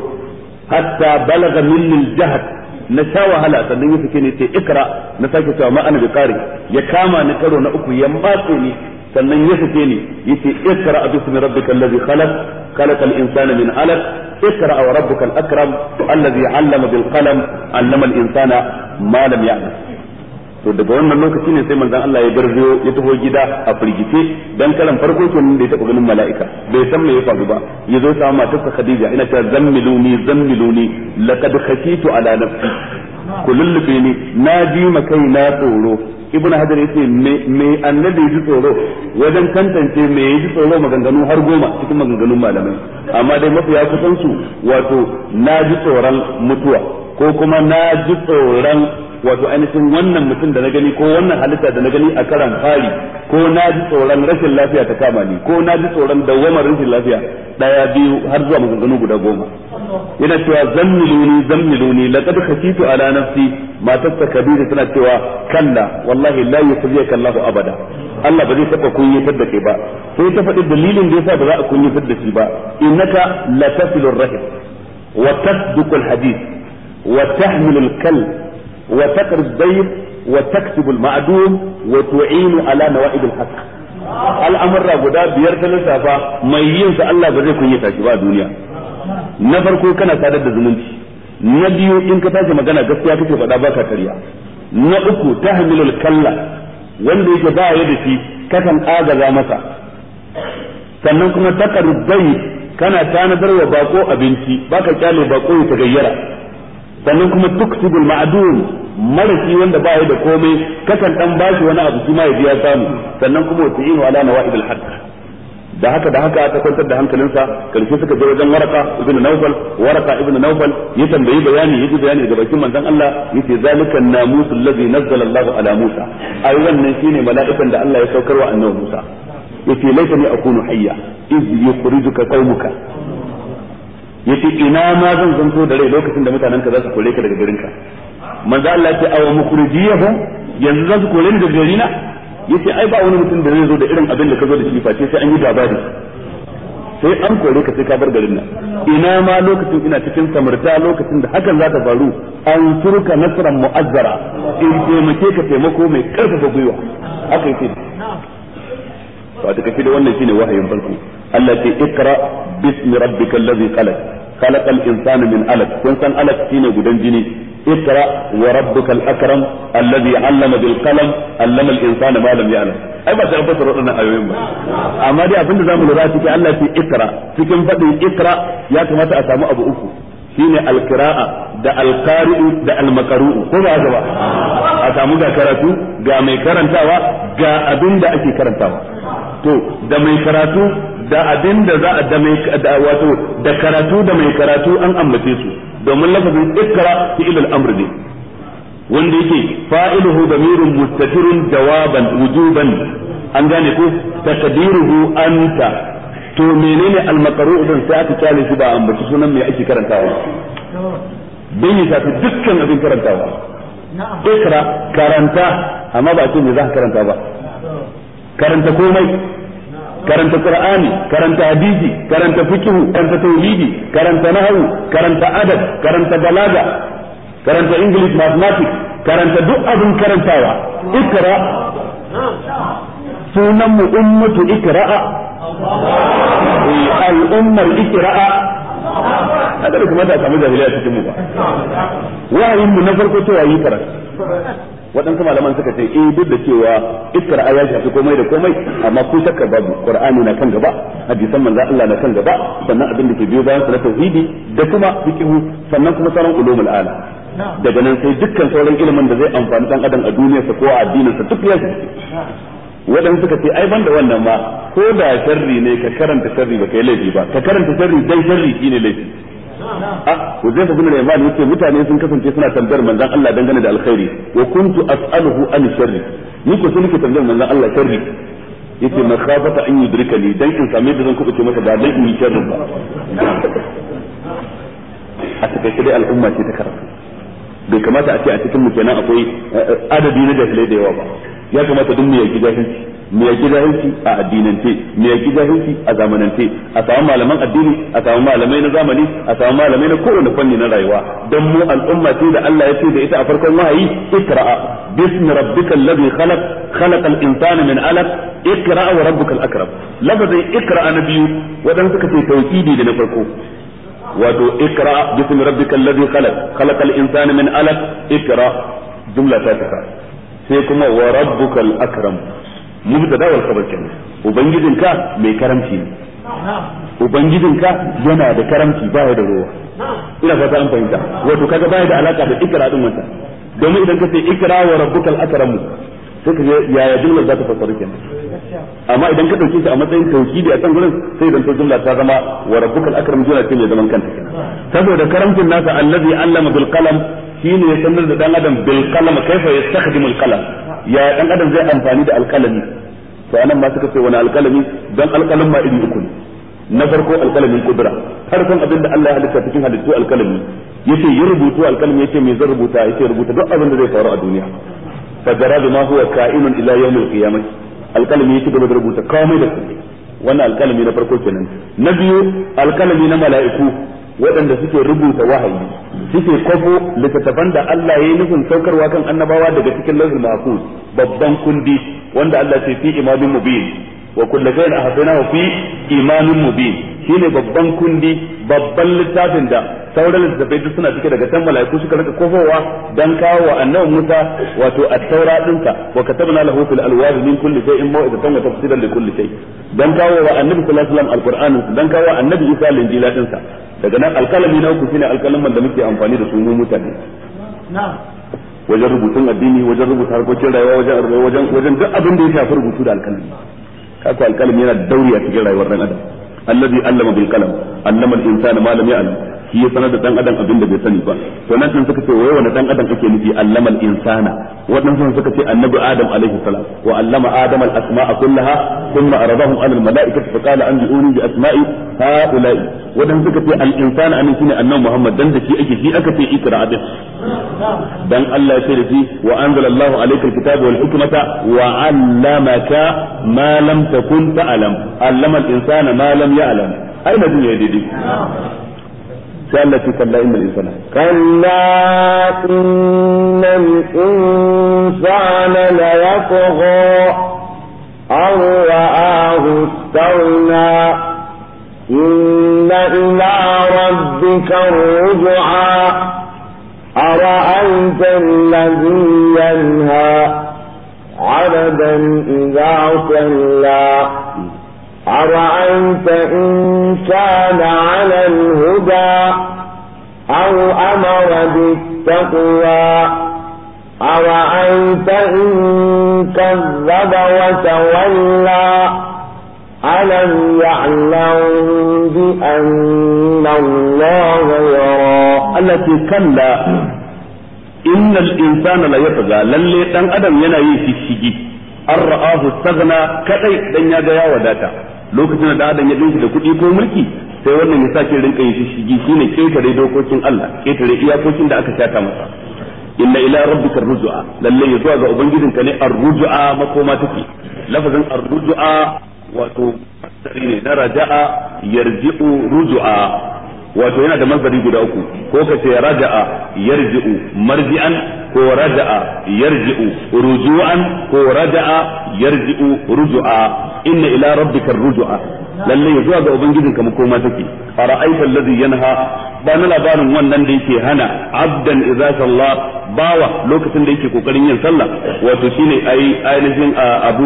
hatta balaga minni jahad na sha wahala sannan ya sake ne ce ikra na sake cewa ma ana bi kare ya kama ni karo na uku ya matse ni sannan ya sake ni yace ikra bismi rabbikal ladhi khalaq khalaqal insana min alaq ikra wa rabbukal akram alladhi 'allama bil qalam 'allama al insana to daga wannan lokaci ne sai manzon Allah ya garzo ya taho gida a firgice dan karan farko kenan da ya taba ganin mala'ika bai san me ya faru ba ya zo sa matarsa Khadija ina ta zammiluni zammiluni laqad khatitu ala nafsi ku ni na ji na tsoro ibnu hajar yace me annabi ji tsoro wajen tantance me ji tsoro maganganu har goma cikin maganganun malamai amma dai mafiya su wato naji ji tsoron mutuwa ko kuma na ji tsoron wato ainihin wannan mutum da na gani ko wannan halitta da na gani a karan fari ko na ji tsoron rashin lafiya ta kama ni ko na ji tsoron dawamar rashin lafiya daya biyu har zuwa maganganu guda goma yana cewa zammiluni zammiluni laqad khashitu ala nafsi matar ta kabiru tana cewa kalla wallahi la yukhziyaka Allahu abada Allah ba zai taba kunyatar da kai ba sai ta faɗi dalilin da yasa ba za a kunyatar da shi ba innaka latafilur rahim wa tasduqul hadith وتحمل الكلب وتقر الضيف وتكسب المعدوم وتعين على نوائب الحق al'amurra guda biyar ta lissafa mai yin sa Allah ba zai kunyata shi ba a duniya na farko kana sadar da zumunci na biyu in ka tashi magana gaskiya kake faɗa ba ka karya na uku ta hamilul kalla wanda yake ba ya da shi kakan agaza masa sannan kuma takarubai kana tanadar wa bako abinci baka kyale bako ta gayyara sannan kuma tuksibul ma'dum marasi wanda ba ya da komai kakan dan bashi wani abu kuma ya biya samu sannan kuma wasi'inu ala nawaidil haqq da haka da haka ta kwantar da hankalinsa karshe suka je wajen waraka ibnu nawfal waraka ibnu nawfal ya tambayi bayani yaji bayani daga bakin manzon Allah yace zalika namusul ladzi nazzala Allah ala Musa ai wannan shine mala'ikan da Allah ya saukarwa annabi Musa yace laita ni akunu hayya iz yukhrijuka qaumuka yace ina ma zan zanto da rai lokacin da mutanen ka za su kore ka daga garin ka manzo Allah ya ce aw mukhrijiyahum yanzu za su kore ni daga garina yace ai ba wani mutum da zai zo da irin abin da ka zo da shi face sai an yi gaba da sai an kore ka sai ka bar garin nan ina ma lokacin ina cikin samarta lokacin da hakan za ta faru an turka nasran mu'azzara in taimake ka taimako mai karfafa gwiwa haka yake to a take da wannan shine wahayin farko Allah ce ikra bismi rabbikal ladzi khalaq khalaqal insana min alaq kun san alaq shine gudan jini اقرا وربك الاكرم الذي علم بالقلم علم الانسان ما لم يعلم ai ba ta rubuta wadannan ayoyin ba amma dai abinda zamu lura cikin Allah ce ikra cikin fadin ikra ya kamata a samu abu uku shine alqira'a da alqari'u da almaqru'u ko ba haka ba a samu ga karatu ga mai karantawa ga abin da ake karantawa to da mai karatu da abin da za a da mai wato da karatu da mai karatu an ambace su domin lafazin ikra fi'il al-amr ne wanda yake fa'iluhu damirun mustatirun jawaban wujuban an gane ko takdiruhu anta to menene al-maqru' din sai aka kyale shi ba ambaci sunan me ake karantawa dan ya tafi dukkan abin karantawa ikra karanta amma ba ce me za ka karanta ba karanta komai karanta qur'ani karanta hadisi karanta fiqh karanta tauhidi karanta nahwu karanta adab karanta balaga karanta english mathematics karanta duk abin karantawa ikra sunan mu ummatu ikra'a al ummar ikra'a kada kuma ta samu jahiliya cikin mu ba wa'ayin mu na farko cewa yi karatu waɗansu malaman suka ce eh duk da cewa ikra ya shafi komai da komai amma ko shakka babu qur'ani na kan gaba hadisan manzo Allah na kan gaba sannan abin da ke biyo bayan sunan tauhidi da kuma fiqhu sannan kuma sauran ulumul ala daga nan sai dukkan sauran ilimin da zai amfani dan adam a duniyarsa ko a addininsa duk ya waɗansu suka ce ai banda wannan ma ko da sharri ne ka karanta sharri ba kai laifi ba ka karanta sharri dai sharri shine laifi a wajen fa bin Yaman yace mutane sun kasance suna tambayar manzon Allah dangane da alkhairi wa kuntu as'aluhu an sharri ni ko sai nake tambayar manzon Allah sharri yace makhafata an yudrika ni dan in same da zan kubuce masa da dan in yi sharrin ba a dai al'umma ce ta karatu bai kamata a ce a cikin mu kenan akwai eh, adadi na jahilai da yawa ba ya kamata duk mu yaki jahilci me ya jahilci a addinance me ya jahilci a zamanance a samu malaman addini a samu malamai na zamani a samu malamai na kowane fanni na rayuwa dan mu al'umma ce da Allah ya ce da ita a farkon wahayi ikra'a bismi rabbikal ladhi khalaq khalaqal insana min alaq ikra'a wa rabbukal akram lafazin ikra'a na biyu wadan suka ce tauhidi da na farko wato ikra bismi rabbikal ladhi khalaq khalaqal insana min alaq ikra jumla ta sai kuma wa rabbukal akram mubtada wal khabar kenan ubangijinka mai karamci ne ubangijinka yana da karamci ba baya da ruwa ina fata an fahimta wato kaga baya da alaka da ikra din wanta domin idan ka ce ikra wa rabbukal akramu sai ka yaya jumlar za ta fassara kenan amma idan ka dauke shi a matsayin tauhidi a kan gurin sai idan ta jumla ta zama wa rabbukal akram jumla ce mai zaman kanta saboda karamcin nasa allazi allama bil qalam shine ya sanar da dan adam bil qalam kaifa yastakhdimu al qalam ya dan adam zai amfani da alkalami to anan ma suka ce wani alkalami dan alkalam ma iri uku ne na farko alkalamin kudura farkon abin da Allah ya halitta cikin halittu alkalami yace ya rubutu alkalami yace me zan rubuta yace rubuta duk abin da zai faru a duniya fa jara bima huwa ka'inun ila yawmil qiyamah alkalami yace gaba da rubuta komai da komai wannan alkalami na farko kenan na biyu alkalami na mala'iku waɗanda suke rubuta wahayi suke kwafo littattafan da Allah ya yi nufin saukarwa kan annabawa daga cikin lauhin mahfuz babban kundi wanda Allah ce fi imamin mubin wa kullu shay'in ahsanahu fi imamin mubin ne babban kundi babban littafin da sauran littattafai duk suna cike daga san malaiku suka rika kofowa dan kawo wa annabi Musa wato a taura dinka wa katabna lahu fil alwaz min kulli shay'in maw'izatan wa tafsilan li kulli shay dan kawo wa annabi sallallahu alaihi wasallam al-qur'an dan kawo wa annabi Isa linjila dinsa daga nan alkalami na uku shine alkalaman da muke amfani da su mu mutane wajen rubutun addini wajen rubuta harkokin rayuwa wajen wajen wajen duk abin da ya shafi rubutu da alkalami kaka alkalami yana dauri a cikin rayuwar dan adam allazi allama bil qalam allama al insana ma lam ya'lam shi ya sanar da dan adam abin da bai sani ba to nan sun suka ce wai wani dan adam ake nufi allama al-insana wannan sun suka ce annabi adam alaihi salam wa allama adam al-asma'a kullaha thumma aradahum ala al-mala'ikati fa qala anbi'uni bi asma'i ha'ula'i wadan suka ce al-insana anan shine annabi muhammad dan da shi ake shi aka ce ikra abin dan Allah ya ce da shi wa anzala Allahu alayka al-kitaba wal hikmata wa 'allamaka ma lam takun ta'lam allama al-insana ma lam ya'lam aina na duniya daidai قال كلا إن الإنسان كلا إن الإنسان ليطغى أو رآه استغنى إن إلى ربك الرجعى أرأيت الذي ينهى عبدا إذا صلى أرأيت إن كان على الهدى أو أمر بالتقوى أرأيت إن كذب وتولى ألم يعلم بأن الله يرى التي كلا إن الإنسان لا يطغى للي أن أدم ينايي في الشجي أرآه استغنى كأي kadai dan وداتا lokacin da adam ya dinki da kuɗi ko mulki sai wannan ya sake rinka yin shigi shine ketare dokokin Allah ketare iyakokin da aka shata masa inna ila rabbika rujua lalle ya zuwa ga ubangijinka ne ar-rujua makoma take lafazin ar-rujua wato sarri ne na raja'a yarji'u rujua wato yana da mazari guda uku ko ka ce raja'a yarji'u marji'an ko raja'a yarji'u ruju'an ko raja'a yarji'u ruju'a inna ila rabbika ruju'a lalle zuwa ga ubangijinka koma take ara'aita allazi yanha ba na labarin wannan da yake hana abdan idza bawa lokacin da yake kokarin yin sallah wato shine ai ainihin abu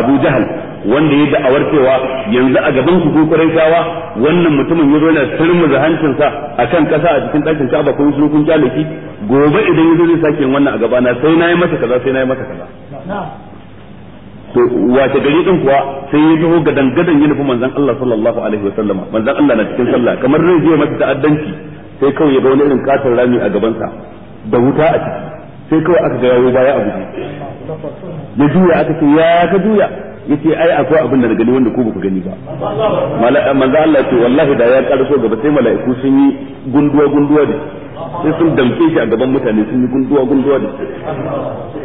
abu jahal wanda ya da'awar cewa yanzu a gaban ku kokarin sawa wannan mutumin yazo yana sirmu zahancin sa akan kasa a cikin dakin Ka'aba kun zo kun kyalaki gobe idan yazo zai sake wannan a gabana sai nayi masa kaza sai nayi masa kaza to wace gari din kuwa sai ya zo ga dangadan yin manzon Allah sallallahu alaihi wasallama manzon Allah na cikin sallah kamar zai je masa ta'addanci sai kawai ya ga wani irin katon rami a gaban sa da wuta a ciki sai kawai aka ga yayi baya a guje ya juya aka ce ya ka juya yace ai akwai abin da gani wanda ko ba ku gani ba manzo Allah ce wallahi da ya karso gaba sai mala'iku sun yi gunduwa gunduwa da sai sun damke shi a gaban mutane sun yi gunduwa gunduwa da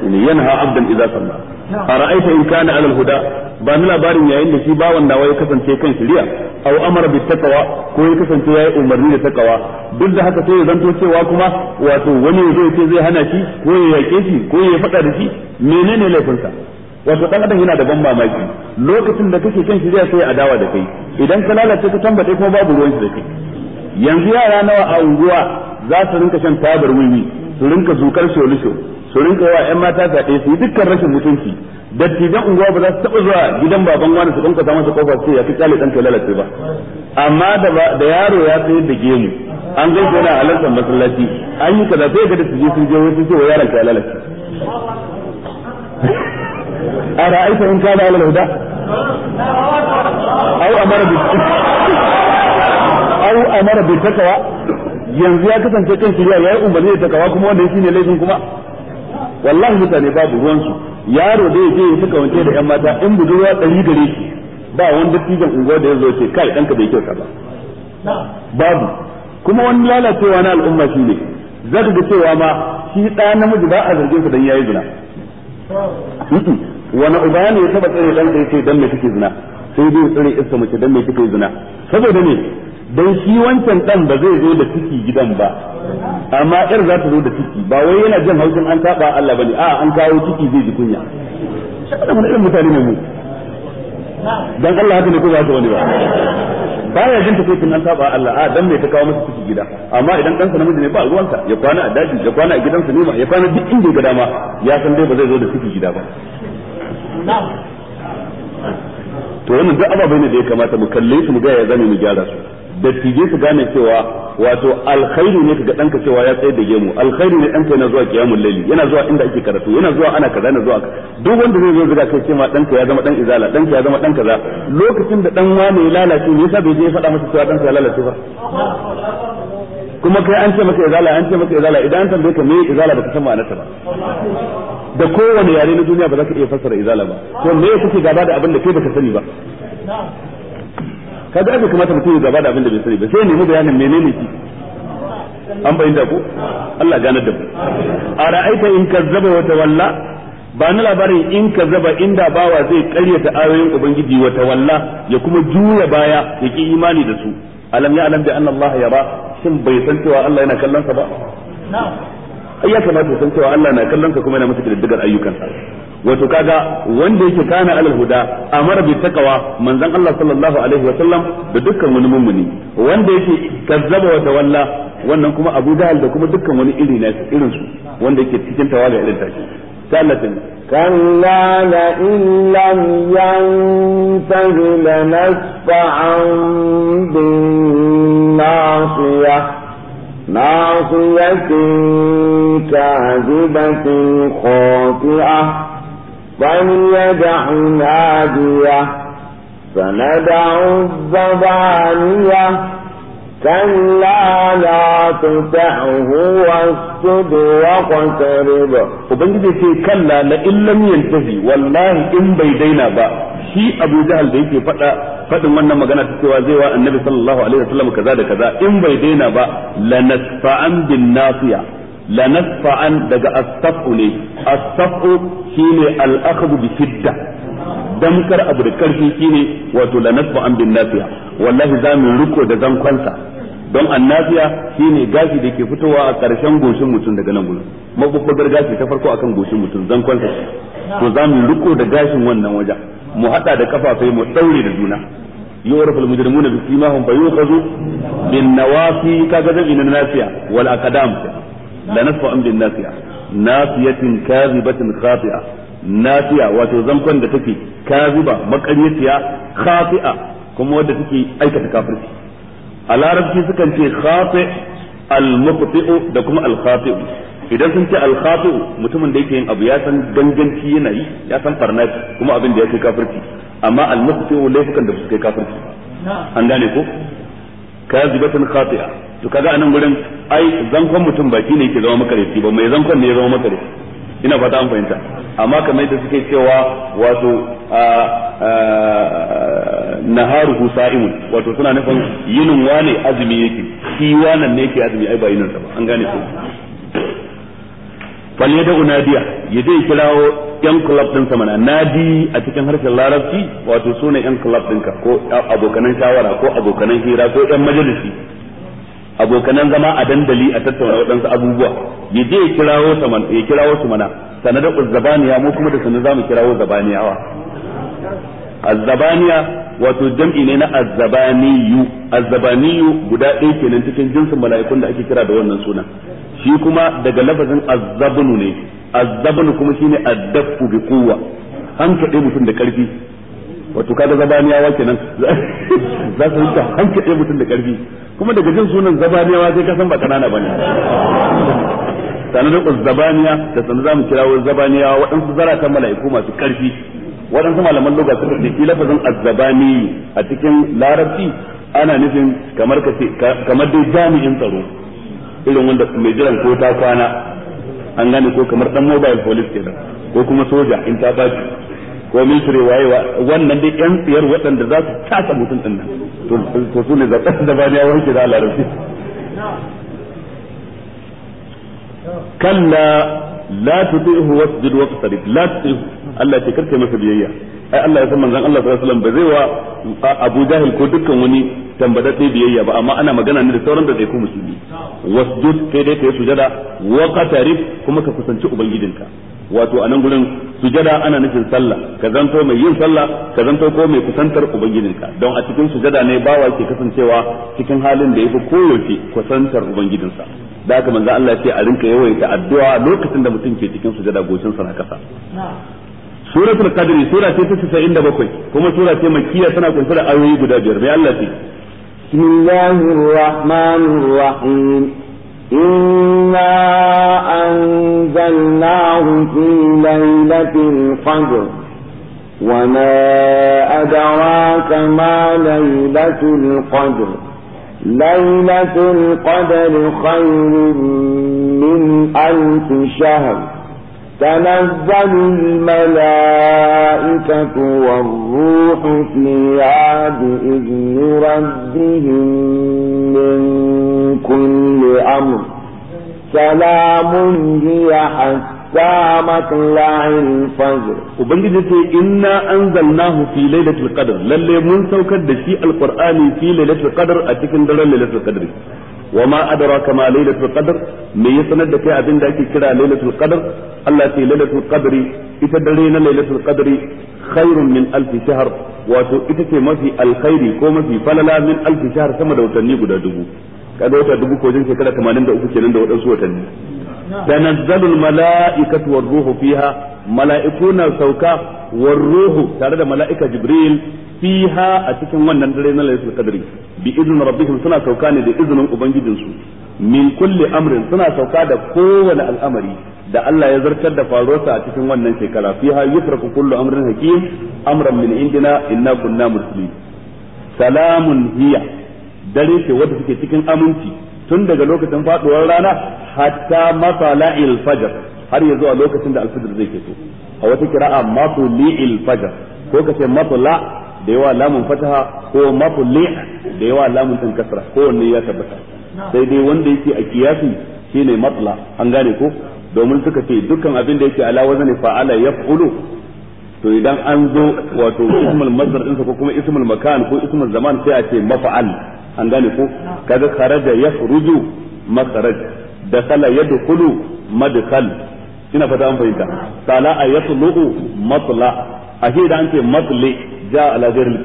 ne yanha abdan idza salla ara'aita in kana alal huda ba ni labarin yayin da shi bawan nawa ya kasance kan shari'a aw amara bit taqwa ko ya kasance yayi umarni da taqwa duk da haka sai ya zanto cewa kuma wato wani zai ce zai hana shi ko ya yake shi ko ya faɗa da shi menene laifinsa wato dan adam yana da ban mamaki lokacin da kake kan shi zai sai a adawa da kai idan ka lalace ka tambaye kuma babu ruwan shi da kai yanzu yara nawa a unguwa za su rinka shan tabar wiwi su rinka zukar sholisho su rinka yawa yan mata fyaɗe su yi dukkan rashin mutunci dattijan unguwa ba za su taɓa zuwa gidan baban wani su kankwata masa kofa su ya fi kyale ɗan kai lalace ba amma da yaro ya sayar da gemu an gaisa yana halartar masallaci an yi kaza sai ga da su je sun je wani sun ce wa yaron kai lalace أرأيت إن كان على الهدى أو أمر أو bi takawa yanzu ya kasance kan shirya ya yi umarni da takawa kuma wanda shi ne laifin kuma wallahi mutane babu ruwansu yaro da yake yi suka wance da yan mata in budurwa ɗari gare shi ba wanda tijan ungo da ya zo ce kai ɗanka bai kyauta ba babu kuma wani lalacewa na al'umma shi ne za ka ga cewa ma shi ɗa namiji ba a zargin sa dan yayi zina wani uba ne ya taba tsare dan sai ce dan me kike zina sai dai tsare iska mace dan me kike zina saboda ne dan shi wancan dan ba zai zo da ciki gidan ba amma ƙar za ta zo da ciki ba wai yana jin haushin an taba Allah bane a an kawo ciki zai ji kunya saboda mun irin mutane ne mu dan Allah haka ne ko ba ta wani ba baya jin takeicin an saba Allah a dan mai ta kawo masa ciki gida amma idan ɗansa namiji ne ba ruwansa ya kwana a daji ya kwana a gidansa ne ya kwana duk inda ga dama ya san dai ba zai zo da ciki gida ba to wannan duk ababai ne da ya kamata mu kalle su mu ga ya zame mu gyara su dattijai su gane cewa wato alkhairu ne ga danka cewa ya tsaye da gemu alkhairu ne danka yana zuwa kiyamul layli yana zuwa inda ake karatu yana zuwa ana kaza yana zuwa duk wanda zai zo zuga kai cewa danka ya zama dan izala danka ya zama dan kaza lokacin da dan wani ya lalace ne yasa bai je ya faɗa masa cewa danka ya lalace ba kuma kai an ce maka izala an ce maka izala idan an tambaye ka me izala baka san ma'anarta ba da kowane yare na duniya ba za ka iya fassara izala ba to me kuke gaba da abin da kai baka sani ba Ka ga bai kamata mutum ya gaba da abin da bai sani ba sai nemi bayanin menene shi an bayyana ko Allah ganar da A ara'aita in kazzaba wa tawalla ba na labarin in kazzaba inda bawa zai karyata ayoyin ubangiji wa tawalla ya kuma juya baya ya ki imani da su alam ya alam bi anna Allah yara shin bai san cewa Allah yana kallon sa ba ai ya kamata san cewa Allah na kallon ka kuma yana masa kididdigar ayyukansa wato kaga wanda yake kana alal huda amara bi taqwa manzon Allah sallallahu alaihi wa sallam da dukkan wani mummuni wanda yake kazzaba wa tawalla wannan kuma Abu Jahl da kuma dukkan wani iri na irin su wanda yake cikin tawalla irin tashi ثالثا كلا لئن لم ينته لنسفعا بالناصية ناصية كاذبة خاطئة فليدع نادية سندع الزبانية كلا لا تطعه واسجد واقترب ubangiji ce kan lala in lam yantahi wallahi in bai daina ba shi Abu Jahal da yake fada fadin wannan magana ta cewa zai wa Annabi sallallahu alaihi wasallam kaza da kaza in bai daina ba lanasfa'an bin nasiya lanasfa'an daga as-safu ne as shine al-akhdhu bi damkar abu da karfi shine wato lanasfa'an bin nafiya wallahi za mu riko da don annafiya shine gashi da ke fitowa a ƙarshen goshin mutum daga nan gurin mabubbugar gashi ta farko akan goshin mutum zankwansa to za mu riko da gashin wannan wajen mu hada da kafafai mu daure da juna يعرف bin nawafi فيؤخذ بالنواصي كذا nafiya wal والأقدام lanasfa an bin nafiya nafiyatin kazibatin khati'a nafiya wato zankon da take kaziba makaryaciya khati'a kuma wadda take aikata kafirci a sukan ce khati al-mubti'u da kuma al idan sun ce al mutumin da yake yin abu ya san ganganci yana yi ya san farna kuma abin da ya kai kafirci amma al-mubti'u laifukan da su kai kafirci an gane ko kazibatan khati'a to kaga anan gurin ai zankon mutum ba shine yake zama makareci ba mai zankon ne ya zama makareci ina fata an fahimta amma kamar yadda suke cewa wato naharu husa'imu wato suna nufin yinin wane azumi yake shi wannan ne yake azumi ai ba yinin sa ba an gane ko fal da unadiya yaje kirawo yan club din sa mana nadi a cikin harshen larabci wato sune yan club dinka ko abokanan shawara ko abokanan hira ko yan majalisi abokanan zama a dandali a tattauna waɗansu abubuwa ya je ya kirawo ya kirawo su mana sanadar zabaniya mu kuma da sanar za mu kirawo zabaniyawa azzabaniya wato jam'i ne na azzabaniyu azzabaniyu guda ɗaya kenan cikin jinsin mala'ikun da ake kira da wannan suna shi kuma daga lafazin azzabnu ne azzabnu kuma shine addafu bi quwwa an kade mutum da karfi wato kaga zabaniyawa kenan za su yi an kade mutum da karfi kuma daga jin sunan zabaniyawa sai ka san ba kanana bane sanadin zabaniya da sanar zamu wa zabaniyawa waɗansu ta mala'iku masu karfi waɗansu malaman loga suka ce shi lafazin azzabani a cikin larabci ana nufin kamar kace kamar dai jami'in tsaro irin wanda mai jiran ko ta kwana an gane ko kamar dan mobile police kenan ko kuma soja in ta baki ko military wayewa wannan dai yan tsiyar waɗanda za su tasa mutum din nan to su ne zaɓen da ba ya wanke da larabci kalla la tudihu wasjud waqtarib la tudihu Allah ya karkai masa biyayya ai Allah ya san manzon Allah sallallahu alaihi wasallam ba zai wa Abu Jahil ko dukkan wani tambadadde biyayya ba amma ana magana ne da sauran da zai ku musulmi wasjud kai dai kai sujada wa qatarib kuma ka kusanci ubangidinka wato a nan gurin sujada ana nufin sallah ka zanto mai yin sallah ka zanto ko mai kusantar ubangidinka don a cikin sujada ne bawa ke kasancewa cikin halin da yafi koyaushe kusantar ubangidinsa da haka manzo Allah ya ce a rinka yawaita addu'a lokacin da mutum ke cikin sujada gocin sa na kasa suratul qadri sura ce ta bakwai kuma sura ce makkiya tana kunsa da ayoyi guda biyar bai Allah ce bismillahir inna anzalnahu fi lailatul qadr ليلة القدر خير من ألف شهر تنزل الملائكة والروح فيها بإذن ربهم من كل أمر سلام هي حتى مطلع الفجر وبنجد إنا أنزلناه في ليلة القدر للي من سوكد في القرآن في ليلة القدر أتكن ليلة القدر وما أدراك ما ليلة القدر ميسند كي أبن دكي كرا ليلة القدر Allah ce lailatul qadri ita dare na lailatul qadri khairun min alf shahr wato ita ce mafi alkhairi ko mafi falala min alf shahr sama da watanni guda dubu kaga wata dubu ko jin shekara 83 kenan da wadansu watanni tanazzalu al mala'ikatu war ruhu fiha mala'iku na sauka war ruhu tare da mala'ika jibril fiha a cikin wannan dare na lailatul qadri bi izinin rabbihim suna sauka ne da izinin ubangijinsu min kulli amrin suna sauka da kowane al'amari da Allah ya zartar da faruwarsa a cikin wannan shekara fiha yufraku kullu amrin hakim amran min indina inna kunna muslimin salamun hiya dare ce wadda take cikin aminci tun daga lokacin faduwar rana hatta masala'il fajr har ya zuwa lokacin da alfajir zai fito a wata kira'a liil fajar ko ka ce la da yawa lamun fataha ko matuli da yawa lamun din kasra ko wanne ya tabbata sai dai wanda yake a kiyasi shine matla an gane ko domin suka ce dukkan abin da yake ala wazani fa'ala yaf'ulu to idan an zo wato ismul masdar ɗinsa ko kuma ismul makan ko ismul zaman sai a ce mafa'al an gane ko kaga kharaja yakhruju makharaj dakhala yadkhulu madkhal ina fata an fahimta sala a yatlu'u matla a shi da an ce matli ja ala ghairil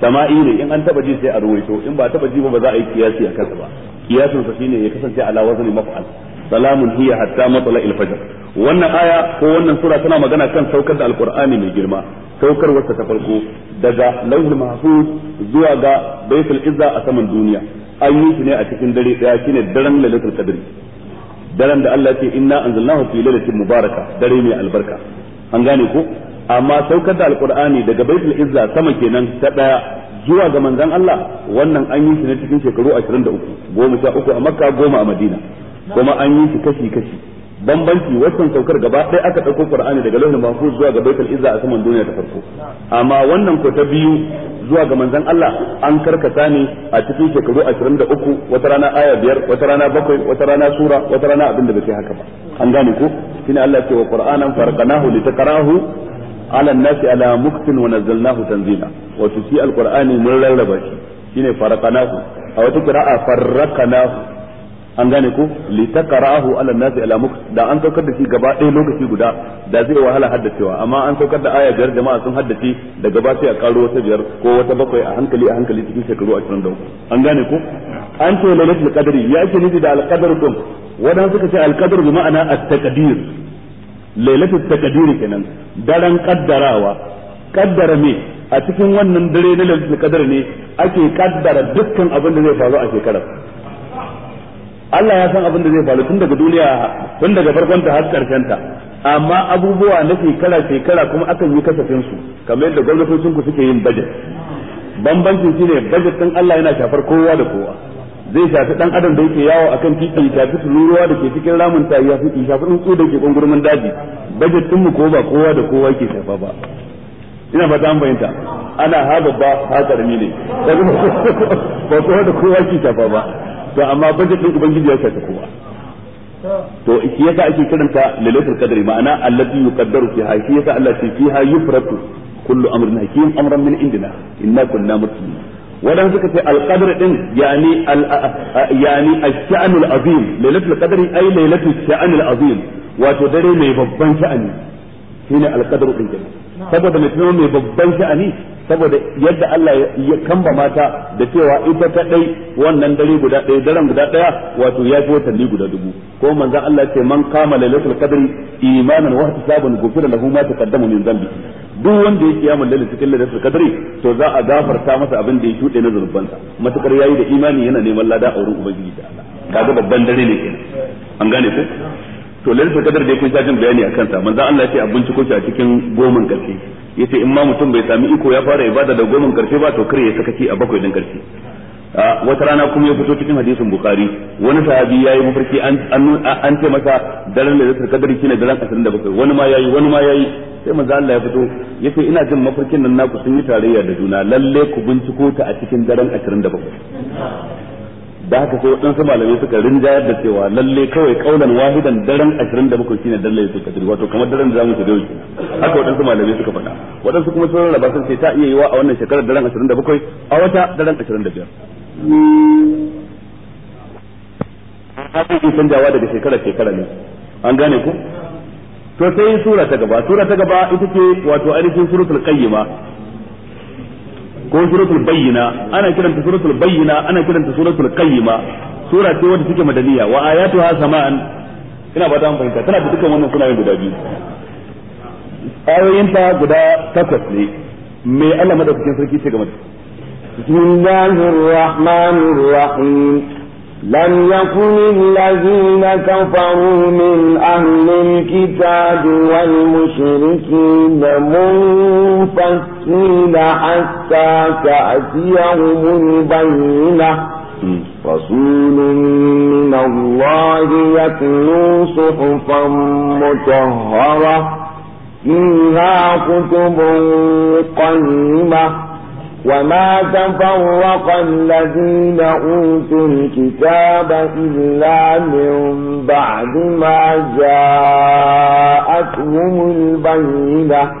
sama'i ne in an taba ji sai a ruwaito in ba taba ji ba ba za a yi kiyasi a kansa ba Kiyasin sa shine ya kasance ala wazni maf'al salamun hiya hatta matla al fajr wannan aya ko wannan sura tana magana kan saukar da alqur'ani mai girma saukar wata ta farko daga lauhul mahfuz zuwa ga baitul izza a saman duniya an yi shi ne a cikin dare daya shine daren lailatul qadr daren da Allah ya ce inna anzalnahu fi lailatin mubaraka dare mai albarka an gane ko amma saukar da alqur'ani daga baitul izza sama kenan ta daya zuwa ga manzon Allah wannan an yi shi ne cikin shekaru 23 goma sha uku a makka goma a madina kuma an yi shi kashi kashi bambanci waccan saukar gaba ɗaya aka ɗauko qur'ani daga lauhin mahfuz zuwa ga baitul izza a saman duniya ta farko amma wannan ko ta biyu zuwa ga manzon Allah an karkata ne a cikin shekaru 23 wata rana aya biyar wata rana bakwai wata rana sura wata rana abin da bai haka ba an gane ko shine Allah ce wa qur'anan farqanahu litaqrahu ala an-nasi ala muktin wa nazzalnahu tanzila wato shi alqur'ani mun rarraba shi shine farqanahu a wata qira'a farraqanahu an gane ko li taqra'ahu ala an-nas ala mukt da an saukar da shi gaba ɗaya lokaci guda da zai wahala haddacewa amma an saukar da aya biyar jama'a sun haddace da gaba sai a karo wata biyar ko wata bakwai a hankali a hankali cikin shekaru 23 an gane ko an ce lailatul qadri ya ake nufi da al-qadr dum wadan suka ce al-qadr bi ma'ana at-taqdir lailatul taqdir kenan daren kaddarawa kaddara me a cikin wannan dare na lailatul qadr ne ake kaddara dukkan abin da zai faru a shekarar Allah ya san abin da zai faru tun daga duniya tun daga farkon ta har karshen ta amma abubuwa na shekara shekara kuma akan yi kasafin su kamar yadda gwamnatocin ku suke yin budget bambancin shine budget din Allah yana shafar kowa da kowa zai shafi dan adam da yake yawo akan titi shafi tururuwa da ke cikin ramin ta ya fi shafi tsuntsu da ke kungurmin daji budget din mu ko ba kowa da kowa ke shafa ba ina ba ta bayanta ana ha babba ha karami ne ba kowa da kowa ke shafa ba to amma budget din ubangiji ya shafi kowa to shi yasa ake kiranta lailatul qadri ma'ana allati yuqaddaru fiha shi yasa Allah ce fiha yufratu kullu amrin hakim amran min indina inna kunna muslimin wadan suka ce alqadr din yani al yani ash-sha'nul azim lailatul qadri ay lailatul sha'nul azim wato dare mai babban sha'ani shine alqadr din kenan saboda mutum mai babban sha'ani saboda yadda Allah ya kamba mata da cewa ita ta dai wannan dare guda ɗaya daren guda ɗaya wato ya fi watanni guda dubu ko manzon Allah ce man kama lailatul qadri imanan wa hisabun gufira lahu ma taqaddama min dhanbi duk wanda ya kiyama lalle cikin lailatul qadri to za a gafarta masa abin da ya shuɗe na zurbansa matukar yayi da imani yana neman lada a wurin ubangiji da Allah kaga babban dare ne kenan an gane ko to lailatul qadri dai kun jin bayani akan sa manzon Allah ya ce abin ko a cikin goman gaske. yace in ma mutum bai sami iko ya fara ibada da goman karshe ba to kare ya sakaci a bakwai din karshe wata rana kuma ya fito cikin hadisin bukhari wani sahabi yayi mafarki an ce masa daren da zai kadari shine daren 27 wani ma yayi wani ma yayi sai manzo Allah ya fito yace ina jin mafarkin nan naku sun yi tarayya da juna lalle ku binciko ta a cikin daren 27 da haka sai waɗansu malamai suka rinjayar da cewa lalle kawai kaulan wahidan daren 27 shine da Lailatul Qadr wato kamar daren da zamu shiga yau haka waɗansu malamai suka faɗa waɗansu kuma sun raba sun ce ta iya yiwa a wannan shekarar daren 27 a wata daren 25 hakan canjawa daga shekarar shekara ne an gane ku to sai sura ta gaba sura ta gaba ita ce wato ainihin suratul qayyima ko suratul bayyina ana kiranta suratul bayyina ana kiranta suratul qayyima sura ce wadda take madaniya wa ayatuha samaan ina ba ta fahimta tana da dukkan wannan sunayen guda biyu ayoyinta guda takwas ne me Allah madaukakin sarki ce ga da Bismillahir Rahmanir Rahim لم يكن الذين كفروا من أهل الكتاب والمشركين منفصلين حتى تأتيهم البينة رسول من الله يتلو صحفا مطهرة فيها كتب قيمة وما تفرق الذين أوتوا الكتاب إلا من بعد ما جاءتهم البينة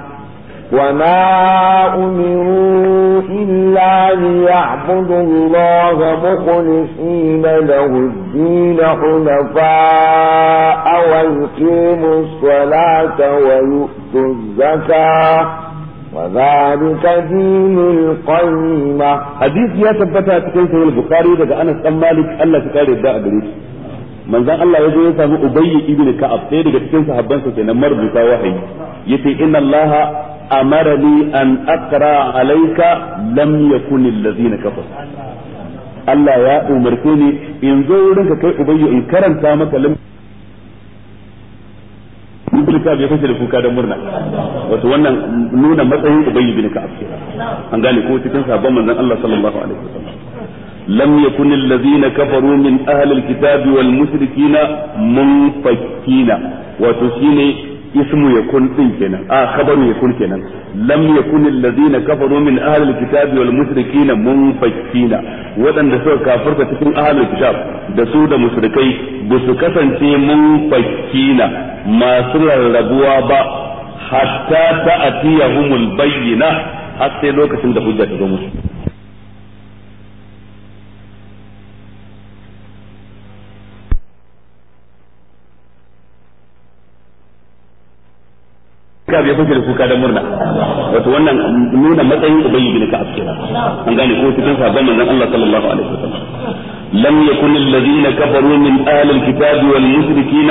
وما أمروا إلا ليعبدوا الله مخلصين له الدين حنفاء ويقيموا الصلاة ويؤتوا الزكاة وذلك دين القيمة حديث يا تبتا تكون في البخاري daga Anas dan Malik Allah ta kare da a shi manzon Allah ya zo ya samu Ubay ibn ka sai daga cikin sahabban sa kenan marubuta wahayi yace inna Allah amarani an aqra alayka lam yakun alladhina kafaru Allah ya umarce ni in zo wurinka kai Ubay in karanta maka lam ibn ka'ab ya fashe da kuka da murna wato wannan nuna matsayin ubayy ibn ka'ab an gane ko cikin sabon manzon Allah sallallahu alaihi wasallam lam yakun alladhina kafaru min ahli alkitab wal mushrikina munfakina wato shine ismu yakun din kenan a khabaru yakun kenan lam yakun alladhina kafaru min ahli alkitabi wal mushrikina munfakkina wadanda suka kafirta cikin ahli alkitab da su da mushrikai ba su kasance munfakkina masu rarrabuwa ba hatta ta ta'tiyahumul bayyina har sai lokacin da hujja ta zo musu ka bai fashe da kuka da murna wato wannan nuna matsayin ubangiji ne ka askira an gane ko cikin sabon manzon Allah sallallahu alaihi wasallam لم يكن الذين كفروا من أهل الكتاب والمشركين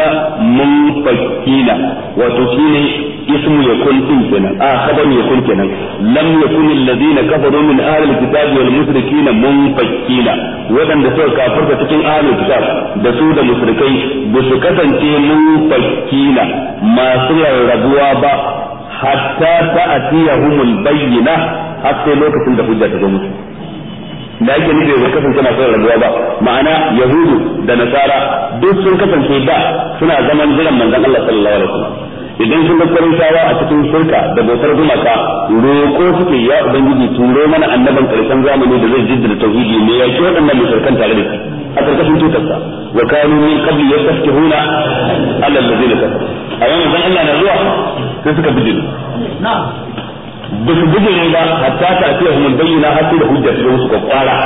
منفكين وتكين اسم يكون كنا آه خبر يكون كنا لم يكن الذين كفروا من أهل الكتاب والمشركين منفكين وذن دسوا كافر تكين أهل الكتاب دسوا المشركين بسكة منفكين ما سوى الربوة حتى تأتيهم البينة حتى لوكة تندفجة تزومتهم da ake nufi bai kasance masu rabuwa ba ma'ana yahudu da nasara duk sun kasance da suna zaman jiran manzon Allah sallallahu alaihi wasallam idan sun bakwarin shawa a cikin shirka da bautar gumaka roƙo suke ya ubangiji turo mana annaban karshen zamani da zai jiddada tauhidi ne ya ki waɗannan musulkan tare da shi a karkashin tutarsa wa kanu min qabli yastafkihuna ala alladhina kafaru a wannan Allah na zuwa sai suka bijin na'am ba su guje ba hatta ta ce mun bayyana har da hujja ta ko kwakwara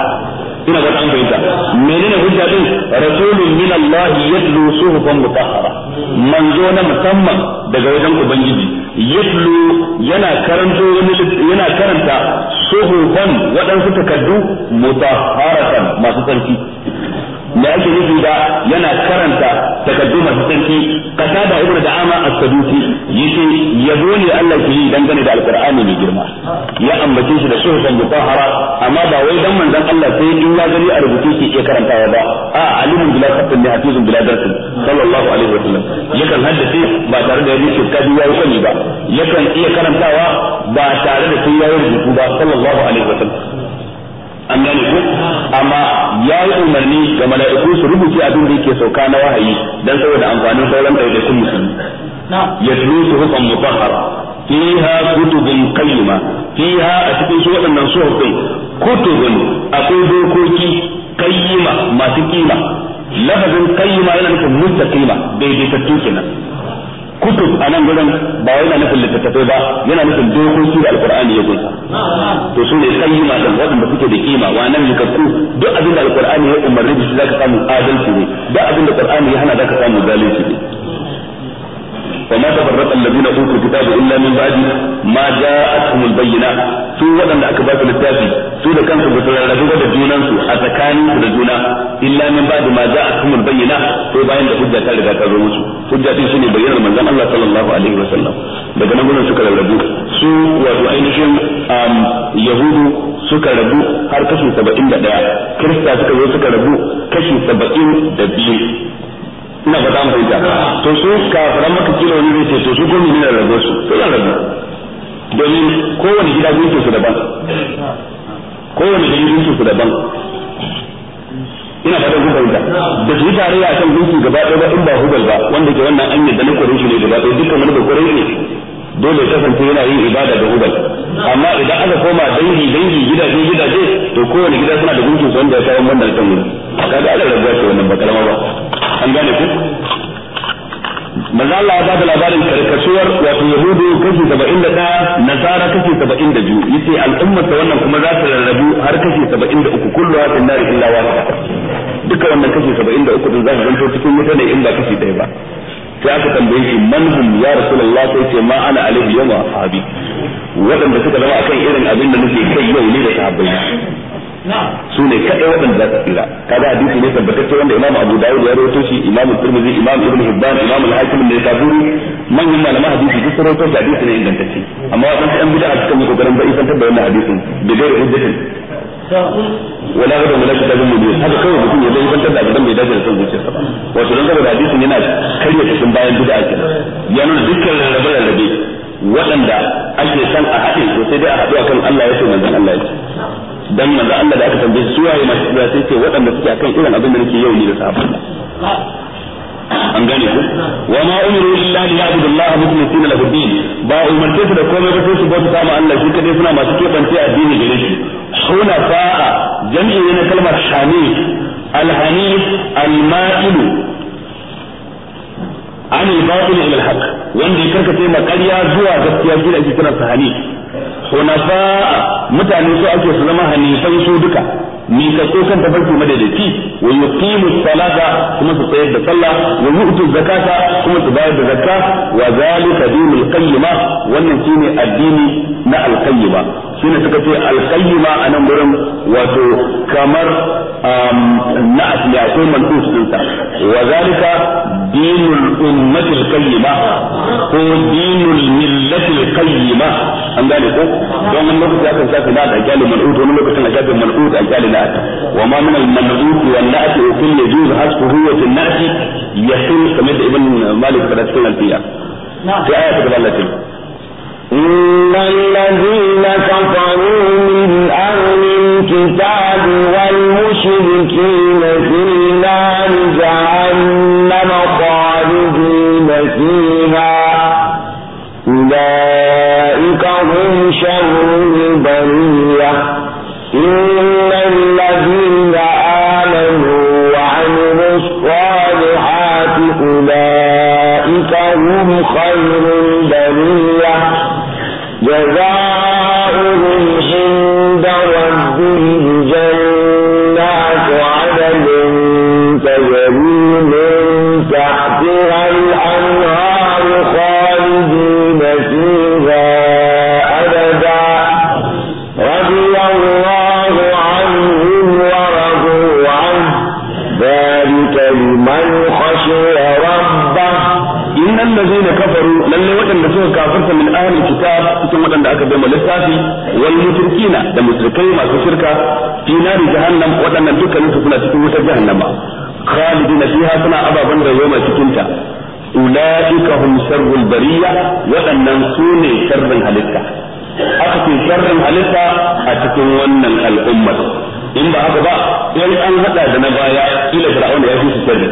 ina ga an bayyana menene hujja din rasulun min Allah yatlu suhufan mutahhara manzo na musamman daga wajen ubangiji yatlu yana karanto yana karanta suhufan wadansu takaddu mutahharatan masu tsarki da ake nufi da yana karanta takaddu masu sarki kasa da ibnu da'ama as-sadusi yace yabo ne Allah ke yi dangane da alqur'ani mai girma ya ambace shi da suhufan mutahhara amma ba wai dan manzon Allah sai in ya gani a rubuce ke iya karantawa ba a alimun bila khattin ne hafizun bila darsin sallallahu alaihi wa sallam yakan haddace ba tare da yake kadi ya yi ba yakan iya karantawa ba tare da sai ya yi rubutu ba sallallahu alaihi wa sallam an gane ko amma ya yi umarni ga mala'iku su rubuce abin da yake sauka na wahayi dan saboda amfanin sauran ɗaiɗaikun musulmi su suhufan mutahara fiha kutubun qayyima fiha a cikin su waɗannan suhuf din kutubun akwai dokoki qayyima masu kima lafazin qayyima yana nufin bai daidaitattu kenan kutub a nan gurin ba yana nufin littattafai ba yana nufin dokoki da alkur'ani ya kunsa to su ne sanyi masu waɗanda suke da kima wa nan jikakku duk abin da alkur'ani ya umarni da shi zaka samu adalci ne duk abin da alkur'ani ya hana aka samu zalunci ne وما تفرق الذين اوتوا الكتاب الا من بعد ما جاءتهم البينات su waɗanda aka ba su littafi su da kansu ba su rarrabu da junan su a tsakanin su da juna illa min ba'd ma ja'atkum al bayyana sai bayan da hujja ta riga ta zo musu hujja din shine bayyanar manzon Allah sallallahu alaihi wasallam daga nan gurin suka rarrabu su wato ainihin yahudu suka rabu har kashi 71 kirista suka zo suka rabu kashi 72 ina ba ta fahimta to su kafiran maka kila wani zai ce to su gomi ne rago su to zan rabu domin kowane gida gunki su daban kowane gida gunki su daban ina fata kun fahimta da su yi tarayya a kan gunki gaba ɗaya ba in ba hubal ba wanda ke wannan an yadda na kwarin shi ne gaba ɗaya dukkan wani ba kore ne dole ta kasance yana yin ibada da hubal amma idan aka koma dangi dangi gidaje gidaje to kowane gida suna da gunki su wanda ya kawo wannan kan a kaga ala rabuwa ce wannan ba karama ba an gane ku manzo Allah ya bada labarin karkasuwar wato yahudu kashi 71 nasara kashi 72 yace ta wannan kuma za ta rarrabu har kashi 73 illa wahid duka wannan kashi 73 din za zanto cikin wuta ne in ba kashi ɗaya ba sai aka tambaye shi man hum ya rasulullah sai ce ma ana alaihi yawma ashabi wadanda suka zama akan irin abin da nake kai yau ne da sahabbai su ne kaɗai waɗanda za su tsira kaga hadisi ne tabbatacce wanda imam abu dawud ya rawaito shi imam turmizi imam ibn hibban imam al-hakim da taburi manyan malaman hadisi duk sun rawaito shi hadisi ne ingantacce amma waɗansu yan bid'a suka yi kokarin bai san tabbayin da hadisin da gairi hujjatin wala ga mun da mun biyu haka kawai mutum ya bai san da dan bai dace da son zuciyarsa ba wato dan saboda hadisin yana karya cikin bayan bid'a kenan ya nuna dukkan rarrabe-rarrabe waɗanda ake san a haɗe to sai dai a haɗu akan Allah ya ce manzon Allah ya ce dan manzo Allah da aka tambaye su waye masu hijira sai ce waɗanda suke akan irin abin da nake yau ni da sahabbai an gane ku wa ma umiru illa li ya'budu Allah mukhlisina lahu din ba umarce su da komai ba sai su bauta ma Allah shi kadai suna masu kebance addini gare shi hunafa'a jami'i ne na kalmar hanif alhanif hanif al-ma'il an al-batil ila al-haq wanda ya karkace ma ƙarya zuwa gaskiya shi da ake kiransa hunafa'a mutane su ake su zama hanifai su duka ni ka so kan tafarki madadaci wa yuqimu salata kuma su tsayar da sallah wa yu'tu zakata kuma su bayar da zakka wa zalika dinul qayyima wannan shine addini na alqayyima shine suka ce alqayyima anan gurin wato kamar um, na asliyatul mansus dinsa wa zalika دين الأمة القيمة هو دين الملة القيمة أم ذلك دون إيه؟ الملوك جاءت الجاءت لا أجال ملعود ومن الملوك جاءت الجاءت ملعود أجال لا وما من الملعود والنأس وكل يجوز حسب هوية الناس يحل كمد ابن مالك في الأسفل الفيا نعم. في آية كبالة إن الذين كفروا من أهل الكتاب والمشركين في نار جهنم فيها أولئك هم شر البرية إن الذين آمنوا وعملوا الصالحات أولئك هم خير waɗanda aka bai littafi wal mushrikina da mushrikai masu shirka fi nari jahannam waɗannan dukkanin su suna cikin wutar jahannama khalidina fiha suna ababan da yoma cikin ta ulaika hum sharrul bariya waɗannan sune ne sharrin halitta aka ce sharrin halitta a cikin wannan al'ummar in ba haka ba in an hada da na baya kila fir'auna ya fi su sani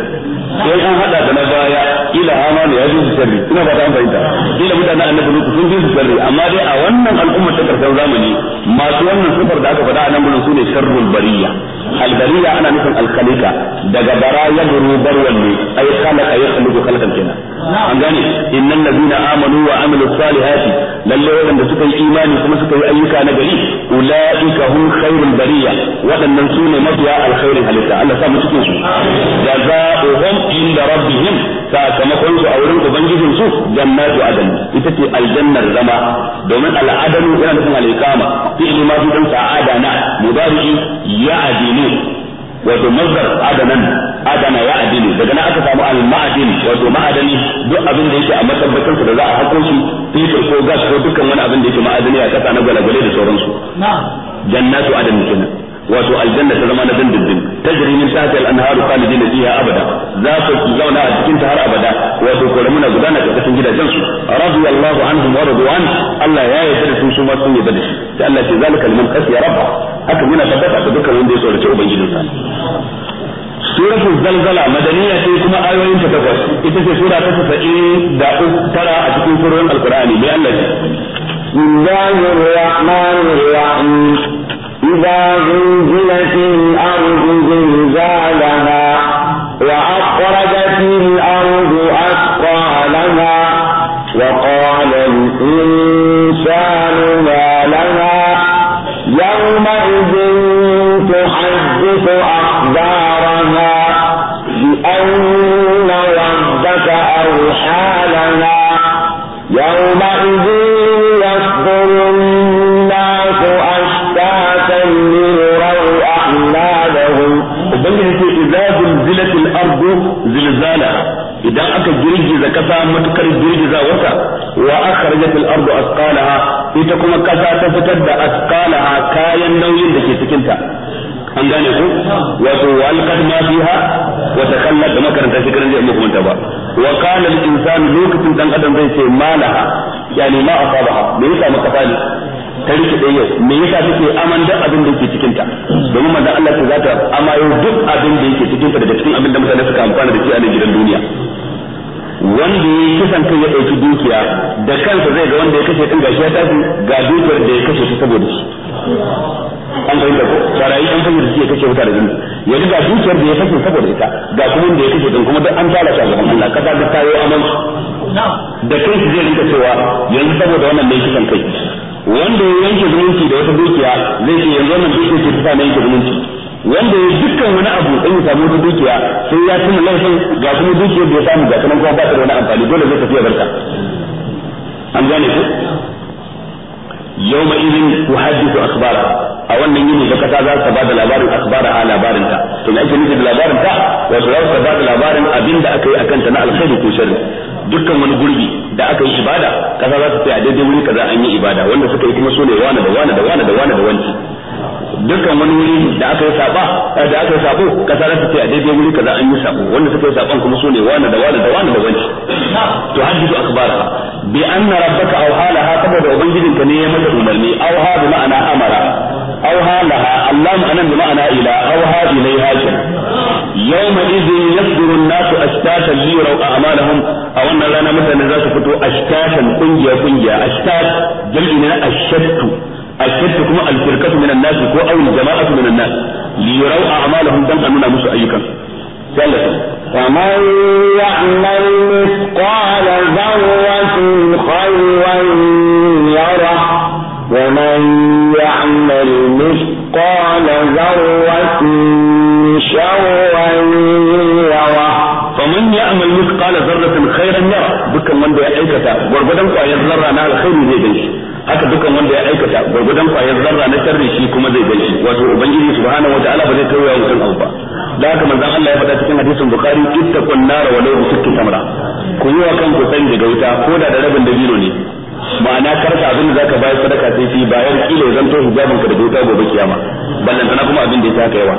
in an hada da na baya kila amana ya fi su sani ina ba ta an fahimta kila mutanen annabi lutu sun fi su sani amma dai a wannan al'ummar ta karshen zamani masu wannan sifar da aka faɗa a nan su ne sharrul bariya albariya ana nufin alkhalika daga bara ya buru barwan ne ay khalaqa yakhluqu khalqan kenan an gane innal ladina amanu wa amilu salihati lalle wanda suka yi imani kuma suka yi ayyuka na gari ulaika hum khairul bariya waɗannan ne mafi mafiya alkhairin halitta Allah sa mu cikin su jazaohum inda rabbihim sakamakon su a wurin ubangijin su jannatu adan ita ce aljannar zama domin al'adanu yana nufin al'iqama fi'li ma fi dan sa'ada na mudari wato mazdar adana ya adini daga nan aka samu al-ma'adin wato ma'adani duk abin da yake a matabbatar da za a hako shi ko gas ko dukkan wani abin da yake a kasa na gwalagwale da sauransu jannatu adan kenan wato aljanna ta zama na dindindin tajri min tahti al-anharu khalidina fiha abada za su zauna a cikin ta har abada wato kore muna gudana ga cikin gidajen su radiyallahu anhum wa radwan Allah ya yarda da su su ma sun yarda da shi sai Allah ce zalika liman khashiya rabba haka muna tabbata ga dukkan wanda ya tsorace sa. suratul zalzala madaniya ce kuma ayoyin ta takwas ita ce sura ta 90 da tara a cikin surorin alqur'ani bai Allah ne بسم الله الرحمن الرحيم إذا زلزلت الأرض زلزالها وأخرجت الأرض أثقالها idan aka girgiza kasa matukar girgiza wata wa akhrajat al-ardu asqalaha ita kuma kasa ta fitar da asqalaha kayan nauyin da ke cikin ta an gane ku wato wa alqad ma fiha wa takallat da makaranta shi karanta amma kuma ta ba wa qala al-insanu lokacin dan adam zai ce malaha yani ma asabaha me yasa maka fani ta rike da yau me yasa take aman duk abin da yake cikin ta domin manzon Allah ta zata amayo duk abin da yake cikin ta daga cikin abin da mutane suka amfana da shi a gidan duniya wanda ya yi kisan kai ya ɗauki dukiya da kansa zai ga wanda ya kashe ɗin gashi ya tafi ga dukiyar da ya kashe ta saboda shi an ga inda sarayi an fahimta shi ya kashe wuta da gini ya ga dukiyar da ya kashe saboda ita ga kuma da ya kashe ɗin kuma duk an tara shi a gaban Allah kasa duk ta yi aman da kai shi zai rinka cewa yanzu saboda wannan ne kisan kai wanda ya yanke zumunci da wata dukiya zai ce yanzu wannan dukiya ce ta sa na yanke zumunci wanda ya dukkan wani abu sai ya samu dukiya sai ya tuna laifin ga kuma dukiyar da ya samu ga kuma kuma ba ta da wani amfani dole zai tafi barka an gane ku yawma idin tuhaddisu akhbara a wannan yini da kasa za ta bada labarin akhbara a labarin ta to me ake nufi da labarin ta wato za ta bada labarin abinda aka yi akan ta na alkhairi ko sharri dukkan wani gurbi da aka yi ibada kasa za ta ce a daidai wuri kaza an yi ibada wanda suka yi kuma sune wani da wani da wani da wani da wanci dukkan wani wuri da aka yi saba eh, da aka yi sabo kasa za ta ce a daidai wuri kaza an yi sabo wanda suka yi saban kuma sune wani da wani da wani da wanci to hadithu akbara bi anna rabbaka aw halaha saboda ubangijinka ne ya mata umarni aw ha bi ma'ana amara aw halaha allah ma'anan bi ma'ana ila aw ha ilaiha kenan يومئذ يصدر الناس اشتاتا ليروا اعمالهم او ان لنا مثلا ذات فتو اشتاتا كنجا كنجا اشتات جلنا الشت الشت كما الفرقة من الناس او الجماعة من الناس ليروا اعمالهم دم اننا أيكا ايكم فمن يعمل مثقال ذرة خيرا يره ومن يعمل مثقال ذرة شرا يره فمن يعمل مثقال ذرة خيرا yara dukkan wanda ya aikata gwargwadon kwayar zarra na alkhairi zai gan shi haka dukkan wanda ya aikata gwargwadon kwayar zarra na sharri shi kuma zai gan shi wato ubangiji subhanahu wataala ba zai tauya mutum abu ba da haka manzon Allah ya faɗa cikin hadisin bukhari ittaqun nar wa law bisikki tamra ku yi wa kanku san daga wuta ko da da rabin dabino ne ma'ana karka abin da zaka bayar sadaka sai fi bayan kila zan to hijabin ka da wuta gobe kiyama ballan tana kuma abin da ya saka yawa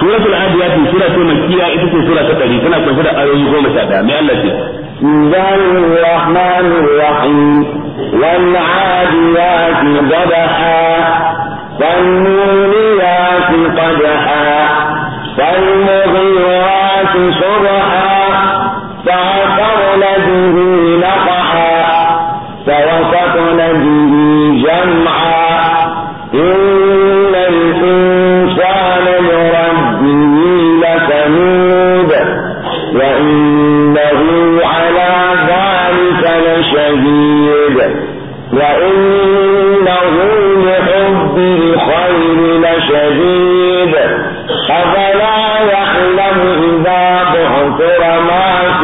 suratul adiyat sura ce makkiya ita ce sura ta 100 tana kunshe da ayoyi 11 mai Allah ce bismillahir فالموليات قدحا فالمغيرات صبحا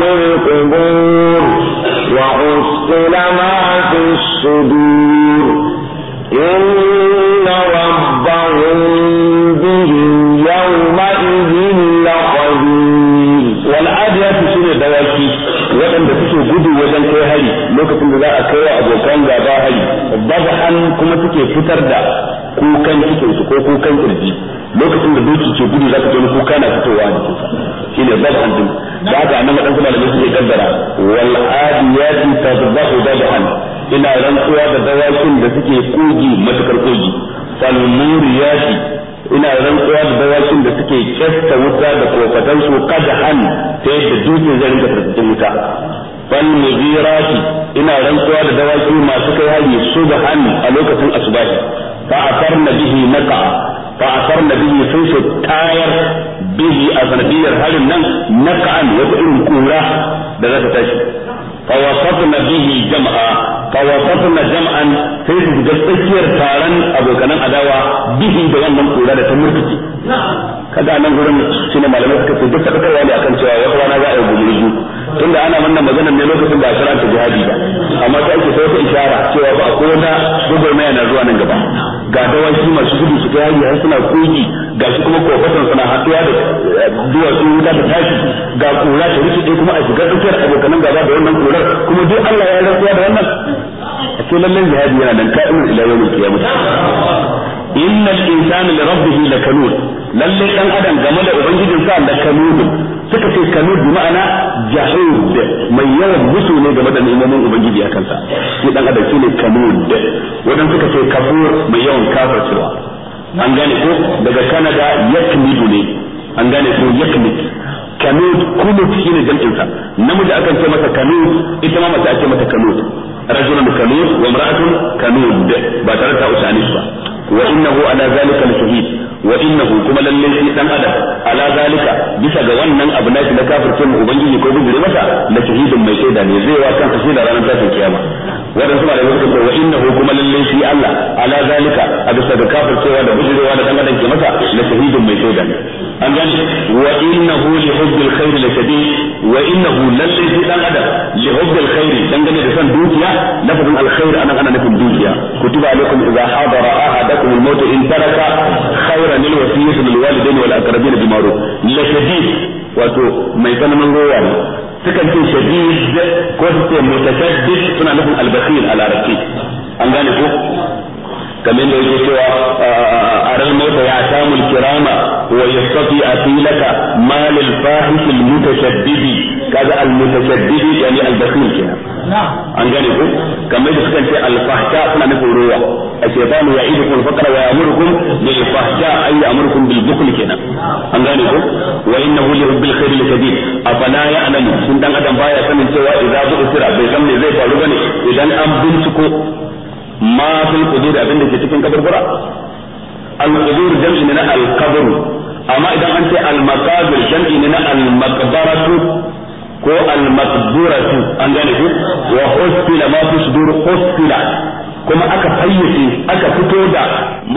في القبور وأسقل ما في الصدور إن ربهم به يومئذ لخبير سنة دواكي gudu wajen kai hari lokacin da za a kai wa abokan gaba hari bazahan kuma suke fitar da kukan cikinsu ko kukan lokacin da doki ke gudu za ka ji kuka na fitowa shine dabhan da haka annabi dan kuma da su suke kaddara wal adiyati tadbahu dabhan ina rantsuwa da dawakin da suke kogi matukar kogi fal muriyati ina rantsuwa da dawakin da suke kyasta wuta da kofatan su qadhan ta yadda dutse zai rinka tarkacin wuta fal mujirati ina rantsuwa da dawaki masu kai hari subhan a lokacin asubahi fa akarna bihi naqa fa na bihi sun su tayar bihi a sanadiyar harin nan naqan wata irin kura da za ta tashi fa wasatna bihi jama'a fa wasatna jam'an sai su ga tsakiyar taron abokanan adawa bihi da wannan kura da ta murtuke kaga nan malamai ne akan cewa wata rana za a yi tunda ana wannan magana ne lokacin ba a ta jihadi ba amma sai ake sai ta ishara cewa ba ko wata mai na zuwa nan gaba ga shi masu gudu su kai har suna kogi ga shi kuma kofatan suna haɗuwa da eh, duwatsu wuta ta tashi ga kura ta rikice kuma a shiga tsakiyar abokanan gaba da wannan kurar kuma duk Allah ya rantsuwa da wannan a ce lallai jihadi yana nan ka'imin ila yawmin qiyamah innal insana li rabbih lakanun lallai dan adam game da ubangijinsa lakanun suka ce kanud bi ma'ana jahud mai yawan musu ne game da neman ubangiji a kansa shi dan adam shine kanud wadan suka ce kafur mai yawan kafircewa an gane ko daga kanada yakmidu ne an gane ko yakmid kanud kunu shine jam'in sa namiji akan ce masa kanud ita ma mace ake mata kanud rajulun kanud wa imra'atun kanud ba tare da ta usanis ba wa innahu ala zalika lashahid wa innahu kuma lalle shi dan adam ala zalika bisa ga wannan abu na shi na kafirce mu ubangiji ko bijire masa la shahidun mai shaida ne zai wa kansa shi da ranar tashin kiyama wadan suna da wasu wa innahu kuma lalle shi Allah ala zalika a bisa ga kafircewa da bijirewa da dan adam ke masa la shahidun mai shaida ne an gani wa innahu li hubbil khair la shadid wa innahu lalle shi dan adam li hubbil khair dangane da san dukiya lafazin alkhair anan ana nufin dukiya kutiba alaikum idza hadara ahadakum al-maut in taraka khair عن الوصية للوالدين والأقربين بالمعروف لشديد وتو ما يتنم الغوان سكن في شديد كنت متشدد تنا البخيل على ركيب أنغاني kamar da yake cewa a ran mota ya samu kirama wa yastati asilaka mal al fahish al mutashaddidi kaga al mutashaddidi yani al bakhil kenan an gane ko kamar da suka ce al fahsha suna nufin ruwa a shaytanu ya'idukum al faqra wa ya'murukum bil fahsha ay ya'murukum bil bukhl kenan an gane ko wa innahu li rabbil khair lakadid afala ya'lamu sun dan adam baya sanin cewa idza bu'thira bai san me zai faru bane idan an binciko ma fil qubur abin da ke cikin kaburbura al qubur jam'i ne na al amma idan an ce al maqabir jam'i ne na al ko al maqburatu wa husila ma fi sudur husila kuma aka fayyace aka fito da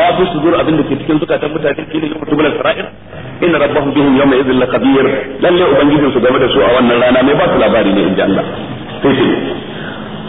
ma fi sudur abin da ke cikin zukatan mutane ke da mutum bala sara'ir in rabbahum bihim yawma ubangijin su game da su a wannan rana mai basu labari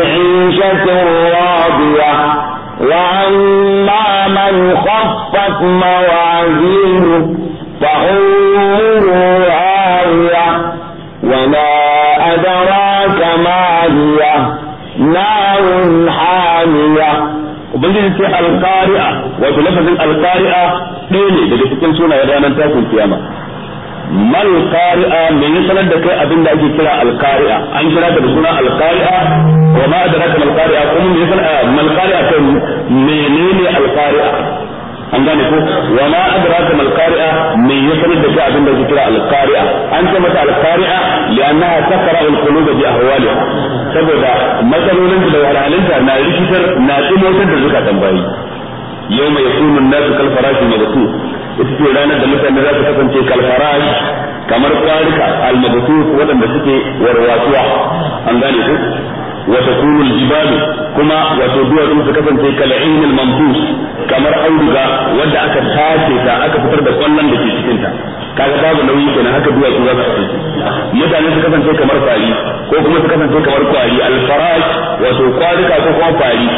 عيشة راضية وأما من خفت موازينه فأمه هاوية وما أدراك ما هي نار حامية وبالذي تحى القارئة وتلفز القارئة ديني بلي سكن سنة يدانا تاكل القيامة mal qari'a me ya sanar da kai abin da ake kira al qari'a an kira da suna al qari'a wa ma adraka al qari'a kuma me ya sanar mal qari'a kai menene al qari'a an gane ko wa ma adraka al qari'a me ya sanar da kai abin da ake kira al qari'a an ce mata al qari'a li'annaha taqra al quluba bi ahwaliha saboda matsalolin da ta na rikitar na tsimotar da zuka tambayi yau mai sunan nasu kalfarashi ne da su ita ce ranar da mutane za su kasance kalfarash kamar tsarika almabtus waɗanda suke warwatsuwa an gane su wa takunu aljibal kuma wato duwatsu su kasance kal'in almamtus kamar auduga wanda aka tace ta aka fitar da kwallon da ke cikin ta kaga babu nauyi kenan haka duwatsu za su kasance mutane su kasance kamar fari ko kuma su kasance kamar kwari alfarash wato kwarika ko kuma fari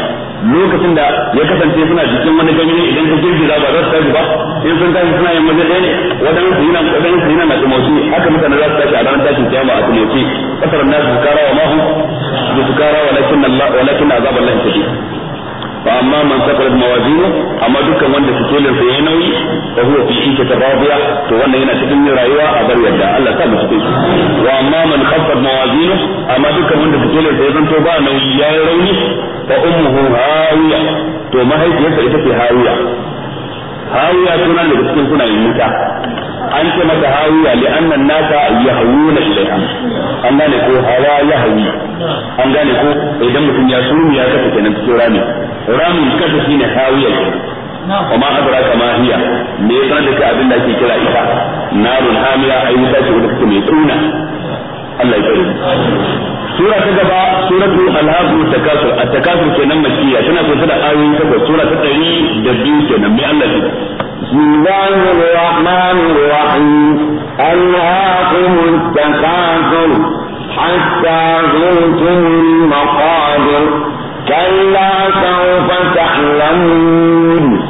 lokacin da ya kasance suna jikin wani ganye idan ka girgiza ba za su tashi ba in sun tashi suna yin maza ne waɗannan su yana waɗannan su yana masu tumoci haka mutane za su tashi a ranar tashin kiyama a tumoci kasar nasu su karawa mahu su karawa lakin Allah walakin azab fa amma man sakarat mawazinu amma dukkan wanda sikelin sa yayi nauyi fa huwa fi shi tababiya to wannan yana cikin rayuwa a bar yadda Allah ta musu kai wa amma man khaffat mawazinu amma dukkan wanda sikelin sa ya zanto ba nauyi yayi rauni fa ummuhu hawiya to mahaifiyarsa ita ce hawiya hawiya suna da cikin suna yin wuta an ce mata hawiya da an nan nata ya hawu na ilaiha an gane ko hawa ya hawi an gane ko idan mutum ya sumi ya kafa kenan cikin rami rami kasa shine hawiya amma adra kama hiya me yasa da ka abinda ke kira ita narun hamiya ai wuta ce wanda take mai tsuna Allah ya kare سورة تجبا سورة الهاب والتكاثر التكاثر في نمى الشيء عشان أقول سورة آية تجبا سورة تجري جديد في نمى الله بسم الله الرحمن الرحيم ألهاكم التكاثر حتى زرتم المقابر كلا سوف تعلمون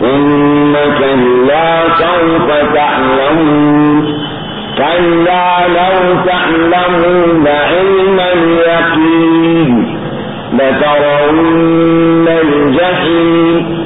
ثم كلا سوف كلا لو تعلمون علم اليقين لترون الجحيم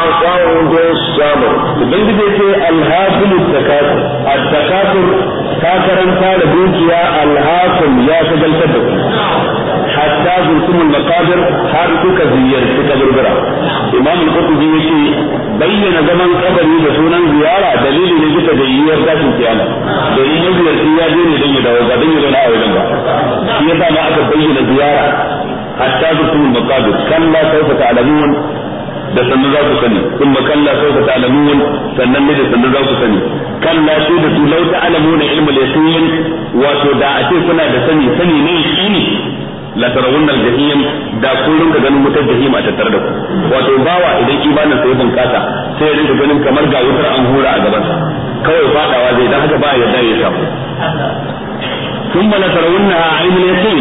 aqad as-sabr ubangiji ce al-hasil at-takasur at-takasur ka karanta da dukiya al-hasil ya shagaltar da hatta zurtumul maqabir har kuka ziyarci kaburbura imam al-qurtubi yace bayyana zaman kabari da sunan ziyara dalili ne bisa da yiwuwar tashin kiyama domin maziyarci ya je ne dan ya ba dan ya zauna a wajen ba shi yasa ma aka bayyana ziyara hatta zurtumul maqabir kalla sawfa ta'lamun da sannu za ku sani kuma kalla sai ku ta'lamun sannan ne da sannu za ku sani kalla sai da su lau ta'lamuna ilmul yaqin wato da a ce kuna da sani sani ne ne la tarawun al-jahim da kun rinka ganin wutar jahim a tattare da ku wato bawa idan imanin sai kasa sai ya rinka ganin kamar ga wutar an hura a gaban sa kawai fadawa zai dan haka ba ya da ya samu thumma la tarawunna a'yun al-yaqin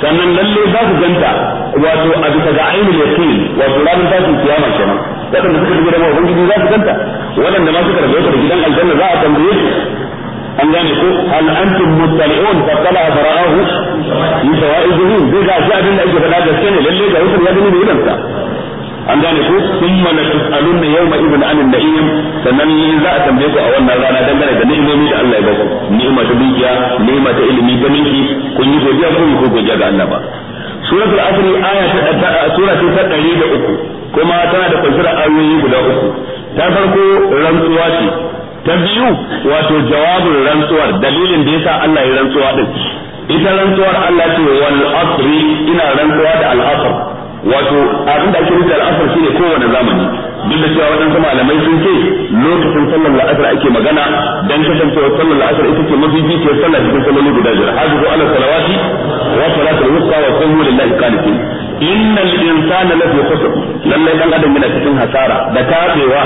sannan lalle za ku ganta wato a bisa ga ainihin yaqin wato ranar tashin kiyama kenan wadanda suka shiga da ubangiji za su kanta wadanda ma suka rabu da gidan aljanna za a tambaye su an gane ko hal antum muttali'un fa tala fara'ahu fi sawa'idihi zai ga shi abin da ake faɗa gaske ne lalle ga wutar ya gani da idansa an gane ko thumma la tus'alunna yawma idhin 'anil na'im sannan in za a tambaye ku a wannan rana dangane da ni'imomi da Allah ya ba ku ni'ima ta dukiya ni'ima ta ilimi ganin ki kun yi godiya ko ku godiya ga Allah ba suratul asri aya ta sura ta 103 kuma tana da kwanciyar ayoyi guda uku ta farko rantsuwa ce ta biyu wato jawabin rantsuwar dalilin da yasa Allah ya rantsuwa din ita rantsuwar Allah ce wal asri ina rantsuwa da al asr wato abin da ake nufi al asr shine kowane zamani duk da cewa waɗansu malamai sun ce lokacin sallar la'asar ake magana dan kasancewar sallar la'asar ita ce mafi jikiyar sallah cikin salloli guda biyar hajjuhu ala salawati wa salatu qumu lillahi qanitin innal insana lafi khusr lalle dan adam yana cikin hasara da tabewa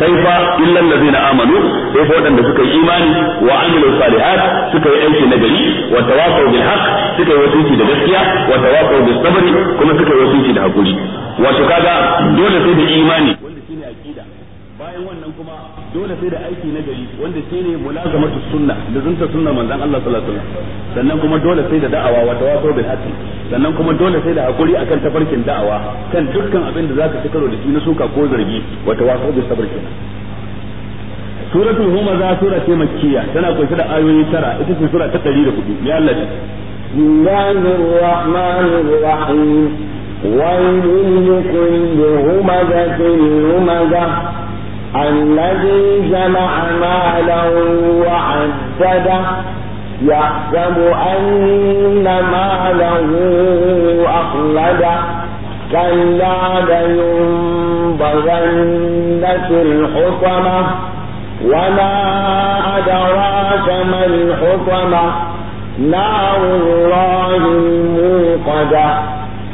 sai fa illal ladina amanu sai fa wadanda suka yi imani wa amilu salihat suka yi aiki na gari wa tawasaw bil haqq suka yi wasiki da gaskiya wa tawasaw bis sabri kuma suka yi wasiki da hakuri wato kaga dole sai da imani bayan wannan kuma dole sai da aiki na gari wanda shi ne mulazamatu sunna da zunta sunna manzon Allah sallallahu alaihi wasallam sannan kuma dole sai da da'awa wa tawaso bil haqqi sannan kuma dole sai da hakuri akan tafarkin da'awa kan dukkan abin da zaka tukaro da shi na suka ko zargi wa tawaso bil sabr kenan suratul humaza sura makkiya tana kunshe da ayoyi tara ita ce sura ta 104 ya Allah بسم الله الرحمن الرحيم ويل لكل همزة همزة الذي جمع مالا وعدده يحسب أن ماله أخلده كلا لينبغن في الحطمة وما أدراك ما الحطمة نار الله الموقدة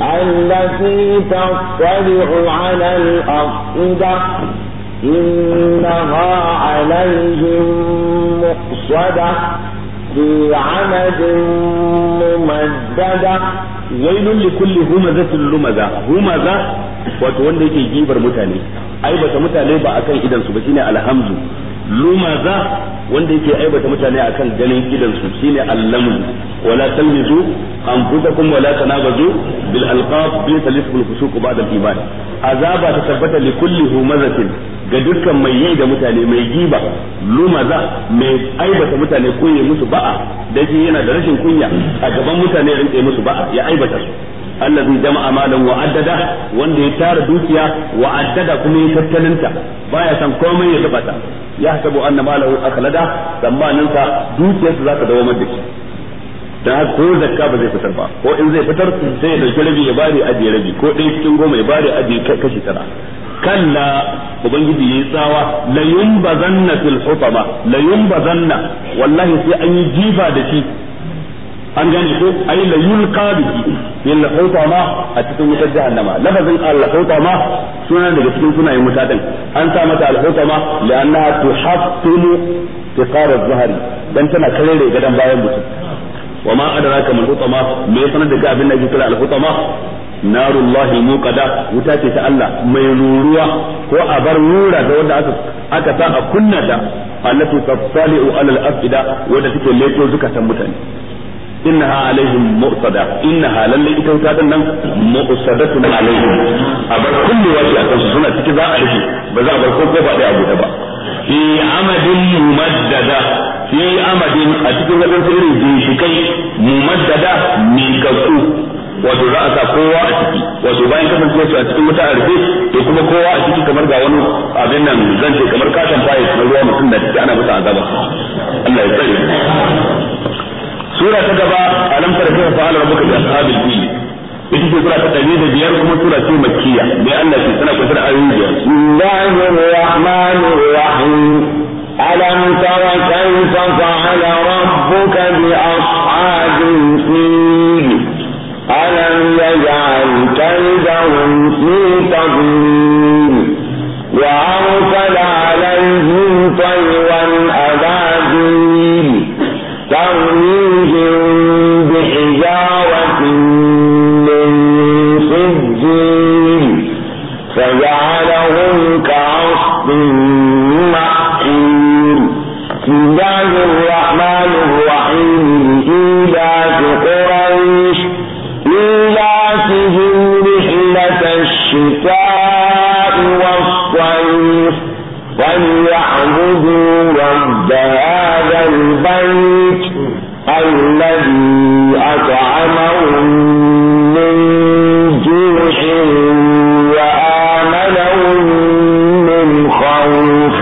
التي تطلع على الأفئدة إنها عليهم مقصدة في عمد ممددة wailun li kulli humazatin lumaza humaza wato wanda yake gibar mutane aibata mutane ba akan idan su ba shine alhamdu lumaza wanda yake aibata mutane akan ganin idan shine allamu wala talmizu anfusakum wala tanabazu bil alqab bi talisbul fusuq ba'da al iman azaba ta tabbata li kulli humazatin ga dukkan mai yi da mutane mai giba lumaza mai aibata mutane ko musu ba'a da yana da rashin kunya a gaban mutane rinke musu ba'a ya aibata su allazi jama'a malan wa addada wanda ya tara dukiya wa addada kuma ya tattalinta baya san komai ya taba ta ya hasabu anna malahu akhlada zamanin sa dukiyarsa zaka dawo da shi dan haka ko zakka ba zai fitar ba ko in zai fitar sai ya dauki rabi ya bari ajiye rabi ko ɗaya cikin goma ya bari ajiye kashi tara kalla ubangiji yayi tsawa la yumbazanna fil hutama la yumbazanna wallahi sai an yi jifa da shi an gane ko ai la yulqa bihi yin la ma a cikin wutar jahannama lafazin al ma suna daga cikin sunayen wuta din an sa mata al ma li'annaha tuhaffinu tiqar az-zahri dan tana karere gadan bayan mutum wa ma adraka man ma me ya sanar da ga abin da ake kira al ma narullahi muqada wuta ce ta Allah mai ruruwa ko a bar rura da wanda aka aka sa a kunna ta allati tasali'u alal afida wanda take leto zukatan mutane innaha عليهم muqtada innaha lalle ita wuta din عليهم muqsadatun كل abar kullu wasi a kansu suna ciki za a rufe ba za a bar ba da abu ba fi amadin mumaddada a cikin wajen sirrin wato za a sa kowa a ciki wato bayan kasancewa su a cikin wuta a rufe to kuma kowa a ciki kamar ga wani abin nan zance kamar katon na ruwa mutum da ciki ana masa azaba Allah ya سورة كتبا ألم ترى كيف فعل ربك بأصحاب الفيل إذا سورة كتبا إذا كما سورة مكية لأن في سنة كتبا أعيجا بسم الله الرحمن الرحيم ألم ترى كيف فعل ربك بأصحاب الفيل ألم يجعل كيدهم في تضليل الموت الذي أطعمهم من جوع وآمنهم من خوف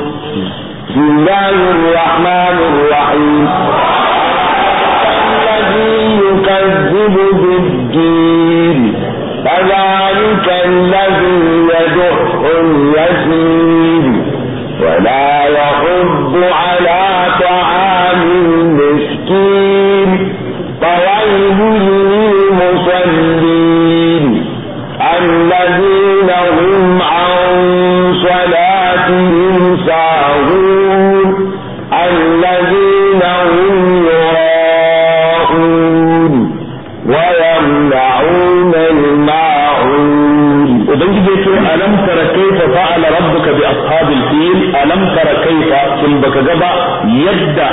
بسم الله الرحمن الرحيم الذي يكذب بالدين فذلك الذي يدعو اليتيم ولا يحب على ألم تر كيف فعل ربك بأصحاب الفيل ألم تر كيف سنبك بك جبا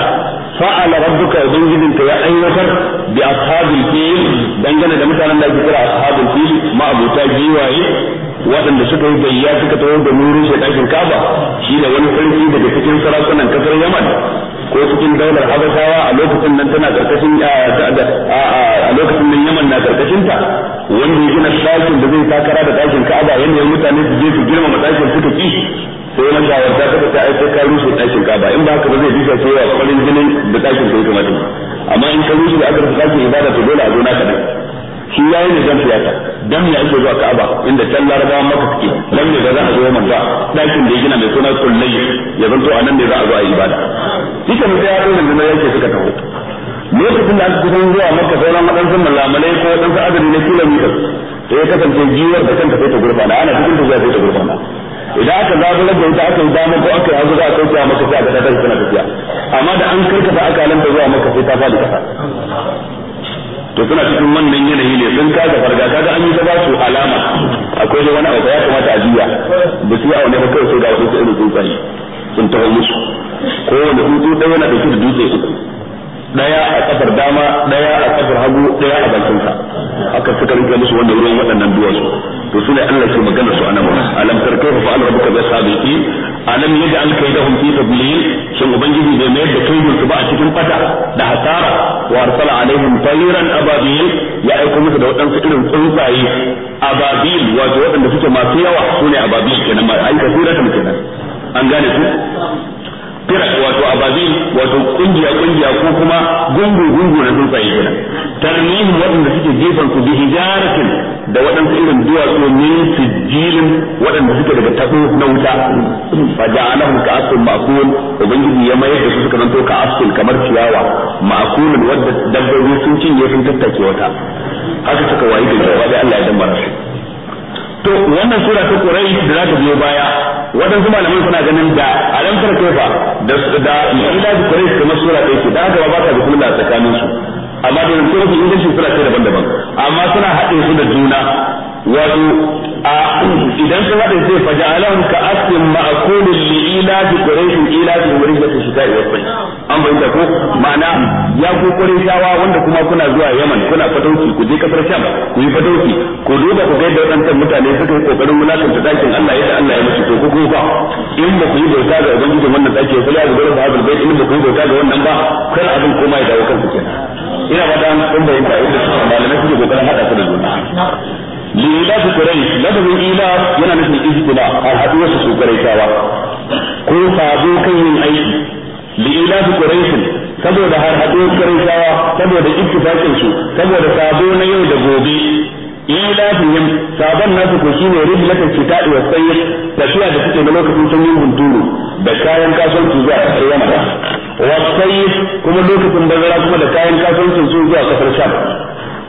فعل ربك انت يا أيوتر بأصحاب الفيل دنجنا دمتا لا يذكر أصحاب الفيل ما أبو تاجي واي وأن yi gayya suka tawo da الكعبة shi ɗakin kaba shi da wani sarki daga ko cikin daular habashawa a lokacin nan tana karkashin a lokacin nan yaman na karkashin ta wanda ya gina shakin da zai takara da ɗakin ka'aba yanda ya mutane su je su girmama ɗakin suka ki sai mashawarta suka ta aika ka rushe ɗakin ka'aba in ba haka ba zai bisa cewa farin jinin da ɗakin ka kuma kamata amma in ka rushe da aka rufe ɗakin ibada to dole a zo naka nan shi yayi ne dan siyasa dan ya ake zuwa Ka'aba inda can Larabawa maka suke dan ne da za a zo man ba dakin da ya gina mai suna kullayi ya zanto a nan ne za a zo a ibada shi kan sai yaran nan da yake suka taho lokacin da aka kusan zuwa maka sauran waɗansu malamalai ko dan sa waɗansu adadi na kilomitas sai ya kasance jiwar da kanta sai ta gurbana ana cikin zuwa sai ta gurbana idan aka zaburar da ita aka yi dama ko aka yi hagu za a kauce a maka sai a ga ta tana tafiya amma da an karkata akalan ta zuwa maka sai ta faɗi kasa to suna cikin wannan yanayi ne sun kaga farga kaga an yi ta ba su alama akwai da wani abu da ya kamata a jiya da su a wani kawai sai ga wasu irin tsuntsaye sun taho musu wanda hutu ɗaya yana ɗauke da dutse uku daya a ƙasar dama daya a ƙasar hagu daya a bakin sa haka suka rike musu wanda ruwan waɗannan duwatsu to su ne Allah ke magana su anan alam tarka fa fa'al rabbuka bi sabiqi alam yaj'al kaydahum fi tadlil shin ubangiji bai mayar da kaidun su ba a cikin fata da hasara wa arsala alaihim tayran ababil ya aika musu da waɗansu irin tsuntsaye ababil wato waɗanda suke masu yawa su ne ababil kenan ma ai kasiratan kenan an gane su fira wato ababil wato kungiya kungiya ko kuma gungu gungu na tsuntsaye kenan tarmihim wadanda suke jefan su bi hijaratin da wadansu irin duwatsu min sijilin wadanda suke daga tabo na wuta fa ja'alahum ka asul ma'kul ubangiji ya mayar da su suka zanto ka asul kamar ciyawa ma'kulun wadda dabbobi sun cinye sun tattake wata haka suka wayi da gaba da Allah ya dambara su to wannan sura ta kurai da za ta biyo baya waɗansu malamai suna ganin da alam tarkefa da da ila da Quraysh kamar sura ta yake da haka ba ta bismillah tsakanin su amma da sura ta inganci sura ta daban-daban amma suna haɗe su da juna wato idan sun haɗe sai faja alam ka asin ma'akulin li ilafi quraishin ilafi wurin da su shiga iya kai an ta ko ma'ana ya ku quraishawa wanda kuma kuna zuwa yaman kuna fadauki ku je kasar sham ku yi fadauki ku duba ku ga dan wadannan mutane suka yi kokarin mulakanta dakin Allah da Allah ya musu to ku ba in ba ku yi bauta ga ubangijin wannan dake sai ya gura da hadal bai in ba ku yi bauta ga wannan ba kar abin ya dawo ku kenan ina ba da an bayyana yadda malamai suke kokarin hada su da juna lila su kurai lafazin ila yana nufin izbila al'aduwar su kuraitawa ko sabo kan yin aiki lila su kuraisin saboda har haɗuwar kuraitawa saboda ittifaqin su saboda sabo na yau da gobe ila fihim sabon nasu ko shine riblatan kita'i wa sayyid tafiya da suke na lokacin sun sanyin hunturu da kayan kasuwanci zuwa kasar yamma wa sayyid kuma lokacin bazara kuma da kayan kasuwancin su zuwa kasar sham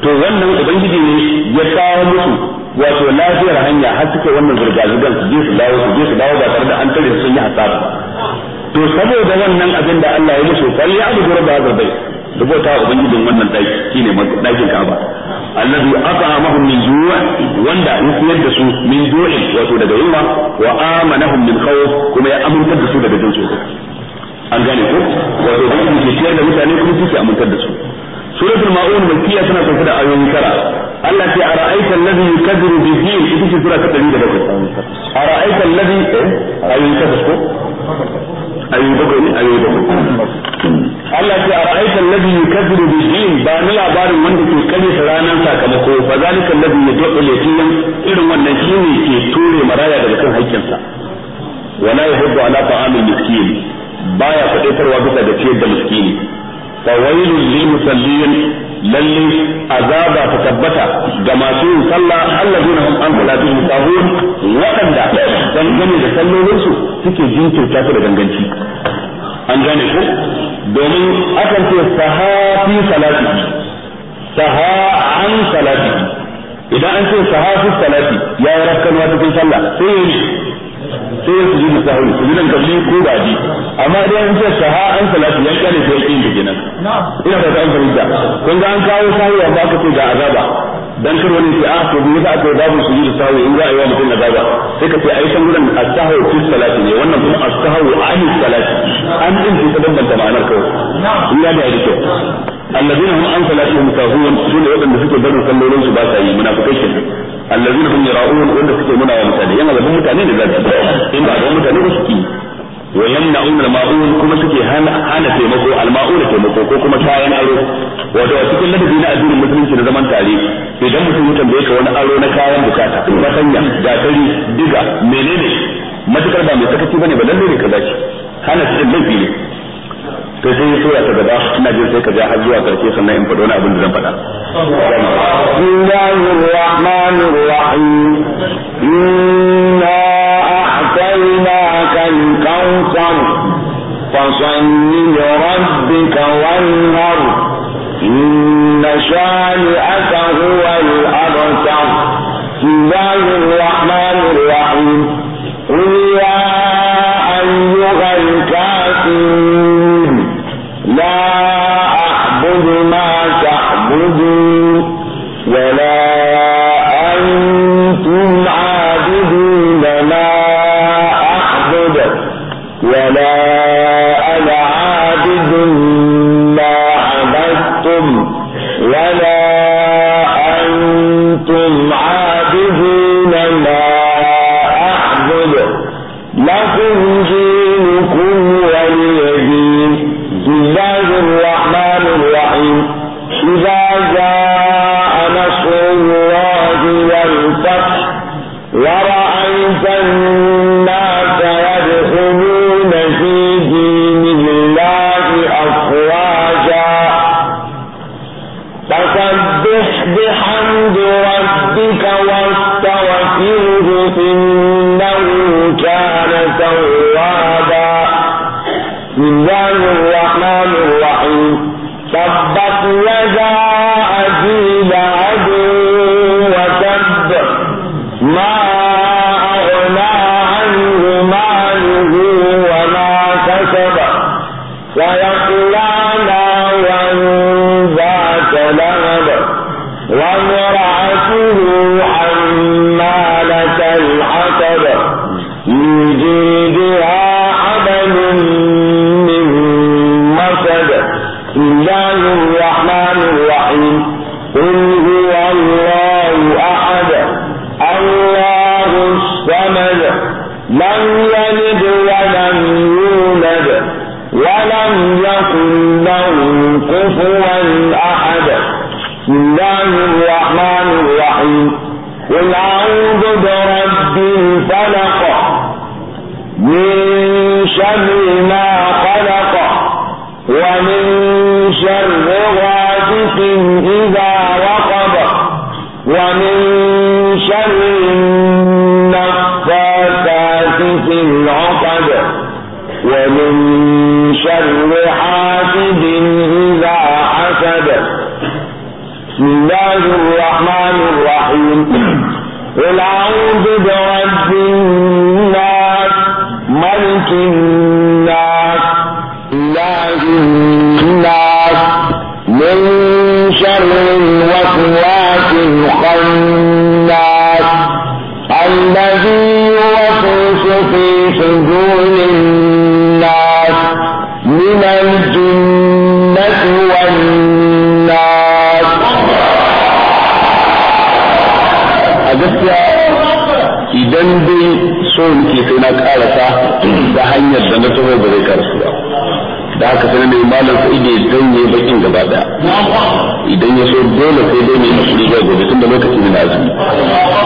to wannan ubangiji ne ya kawo musu wato lafiyar hanya har suke wannan zirga-zirgar su je su dawo su je su dawo ba tare da an tare sun yi hasara to saboda wannan abin da Allah ya musu fal ya abu da hazar bai da bauta ubangijin wannan daki shine dakin Ka'aba allazi at'amahum min ju'a wanda ya siyar da su min ju'in wato daga yunwa wa amanahum min khawf kuma ya amintar da su daga jin tsoro an gane ko wato ubangiji ke siyar da mutane kuma suke amintar da su suratul ma'un makkiya tana kunshe da ayoyi tara Allah ce ara'aita allazi yukadiru bi din ita ce sura ta 107 ara'aita allazi eh, ayoyi tara ko ayoyi bakwai ne Allah ce ara'aita allazi yukadiru bi din ba ni labarin wanda ke kare ranar sakamako fa zalika allazi yad'u yatiman irin wannan shine ke ture maraya daga kan haƙƙinsa wala yahuddu ala ta'amil miskin baya faɗaitarwa bisa da da miskini فويل للمصلين للي عذاب تثبتا كما سوء صلى الذين هم عن صلاتهم ساهون وقد dangane da sallolinsu suke jinkirta su da ganganci an gane ku domin akan ce sahafi salati saha an salati idan an ce sahafi salati ya yi rafkanuwa cikin sallah sai yi sai ya sujudu sahwi sujudan kalli ko baji amma dai an ce saha an salatu ya kyale sai yakin da kenan ina da an fahimta kun ga an kawo sahwi amma ka ce ga azaba dan kar wani ce a ah, to me za a kai babu sujudu sahwi in za a yi wa mutum azaba sai ka ce ai san gurin as fi salati ne wannan kuma as-sahwi an salati an din shi kadan ban ma'anar kawai in ya da yake alladheena hum an salatihim sahun su ne wadanda suke barin sallolin su ba sa yi munafikai kenan alladheena hum yara'un wanda suke muna wa mutane yana da mutane da zaka in ba da mutane ba su wa yamna'un al-ma'un kuma suke hana hana taimako al-ma'un taimako ko kuma kayan aro wato a cikin ladabi na addinin musulunci na zaman tare idan mutum ya tambaye ka wani aro na kayan bukata masanya gatari diga menene matukar ba mai sakaci bane ba lalle ne ka zaki hana cikin laifi ne to sai ya tura ta gaba ina jin sai ka ja har zuwa karshe sannan in faɗo wani abin da zan faɗa. Bismillahir Rahmanir Rahim. Inna a'tainaka فانصر فصل لربك وانهر إن شانئك هو الأبتر إذا كفوا أحد بسم الله الرحمن الرحيم قل أعوذ برب الفلق من شر ما خلق ومن شر غاسق إذا قل أعوذ برب الناس ملك الناس إله الناس من شر الوسواس الخناس الذي يوسوس في صدور الناس aiki sai na karasa da hanyar da na taho ba zai karasu ba da haka sai ne malam sai da janye bakin gaba daya idan ya so dole sai dai mai hakuri ga gobe tun da lokaci ne na azumi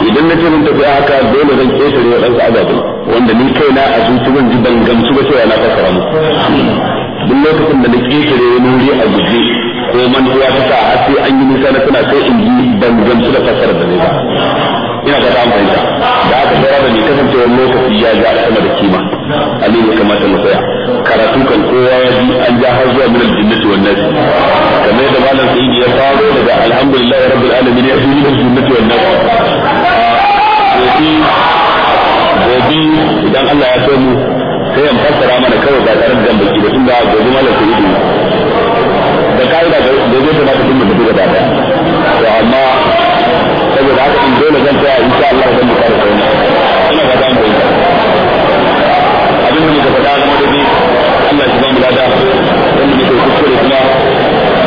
idan na ce mun tafi haka dole zan kesare wa ɗansa azabi wanda ni kai na a zuci zan ji ban ba cewa na fasara mu duk lokacin da na kesare wani wuri a guje ko mantuwa ta sa a sai an yi nisa na tana sai in ji ban da fasara da ne ba ina ga an fahimta da aka tsara da ni kasancewar lokaci ya ja sama da kima ali ya kamata mu tsaya karatu kan kowa ya ji an ja har zuwa min aljinnati wan nas kamar yadda malam sayyidi ya faro daga alhamdulillah rabbil alamin ya fi min aljinnati wan nas gobe idan Allah ya so mu sai ya fassara mana kawai ba tare da jan baki ba tunda gobe malam sayyidi da ka'ida gobe ta ba ta tunda da daya to amma saboda haka in cewa insha Allah zan da ina ga dan bai abin da muka faɗa zama dai Allah shi zan bulada wanda muke kuskure kuma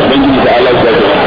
ubangiji da Allah ya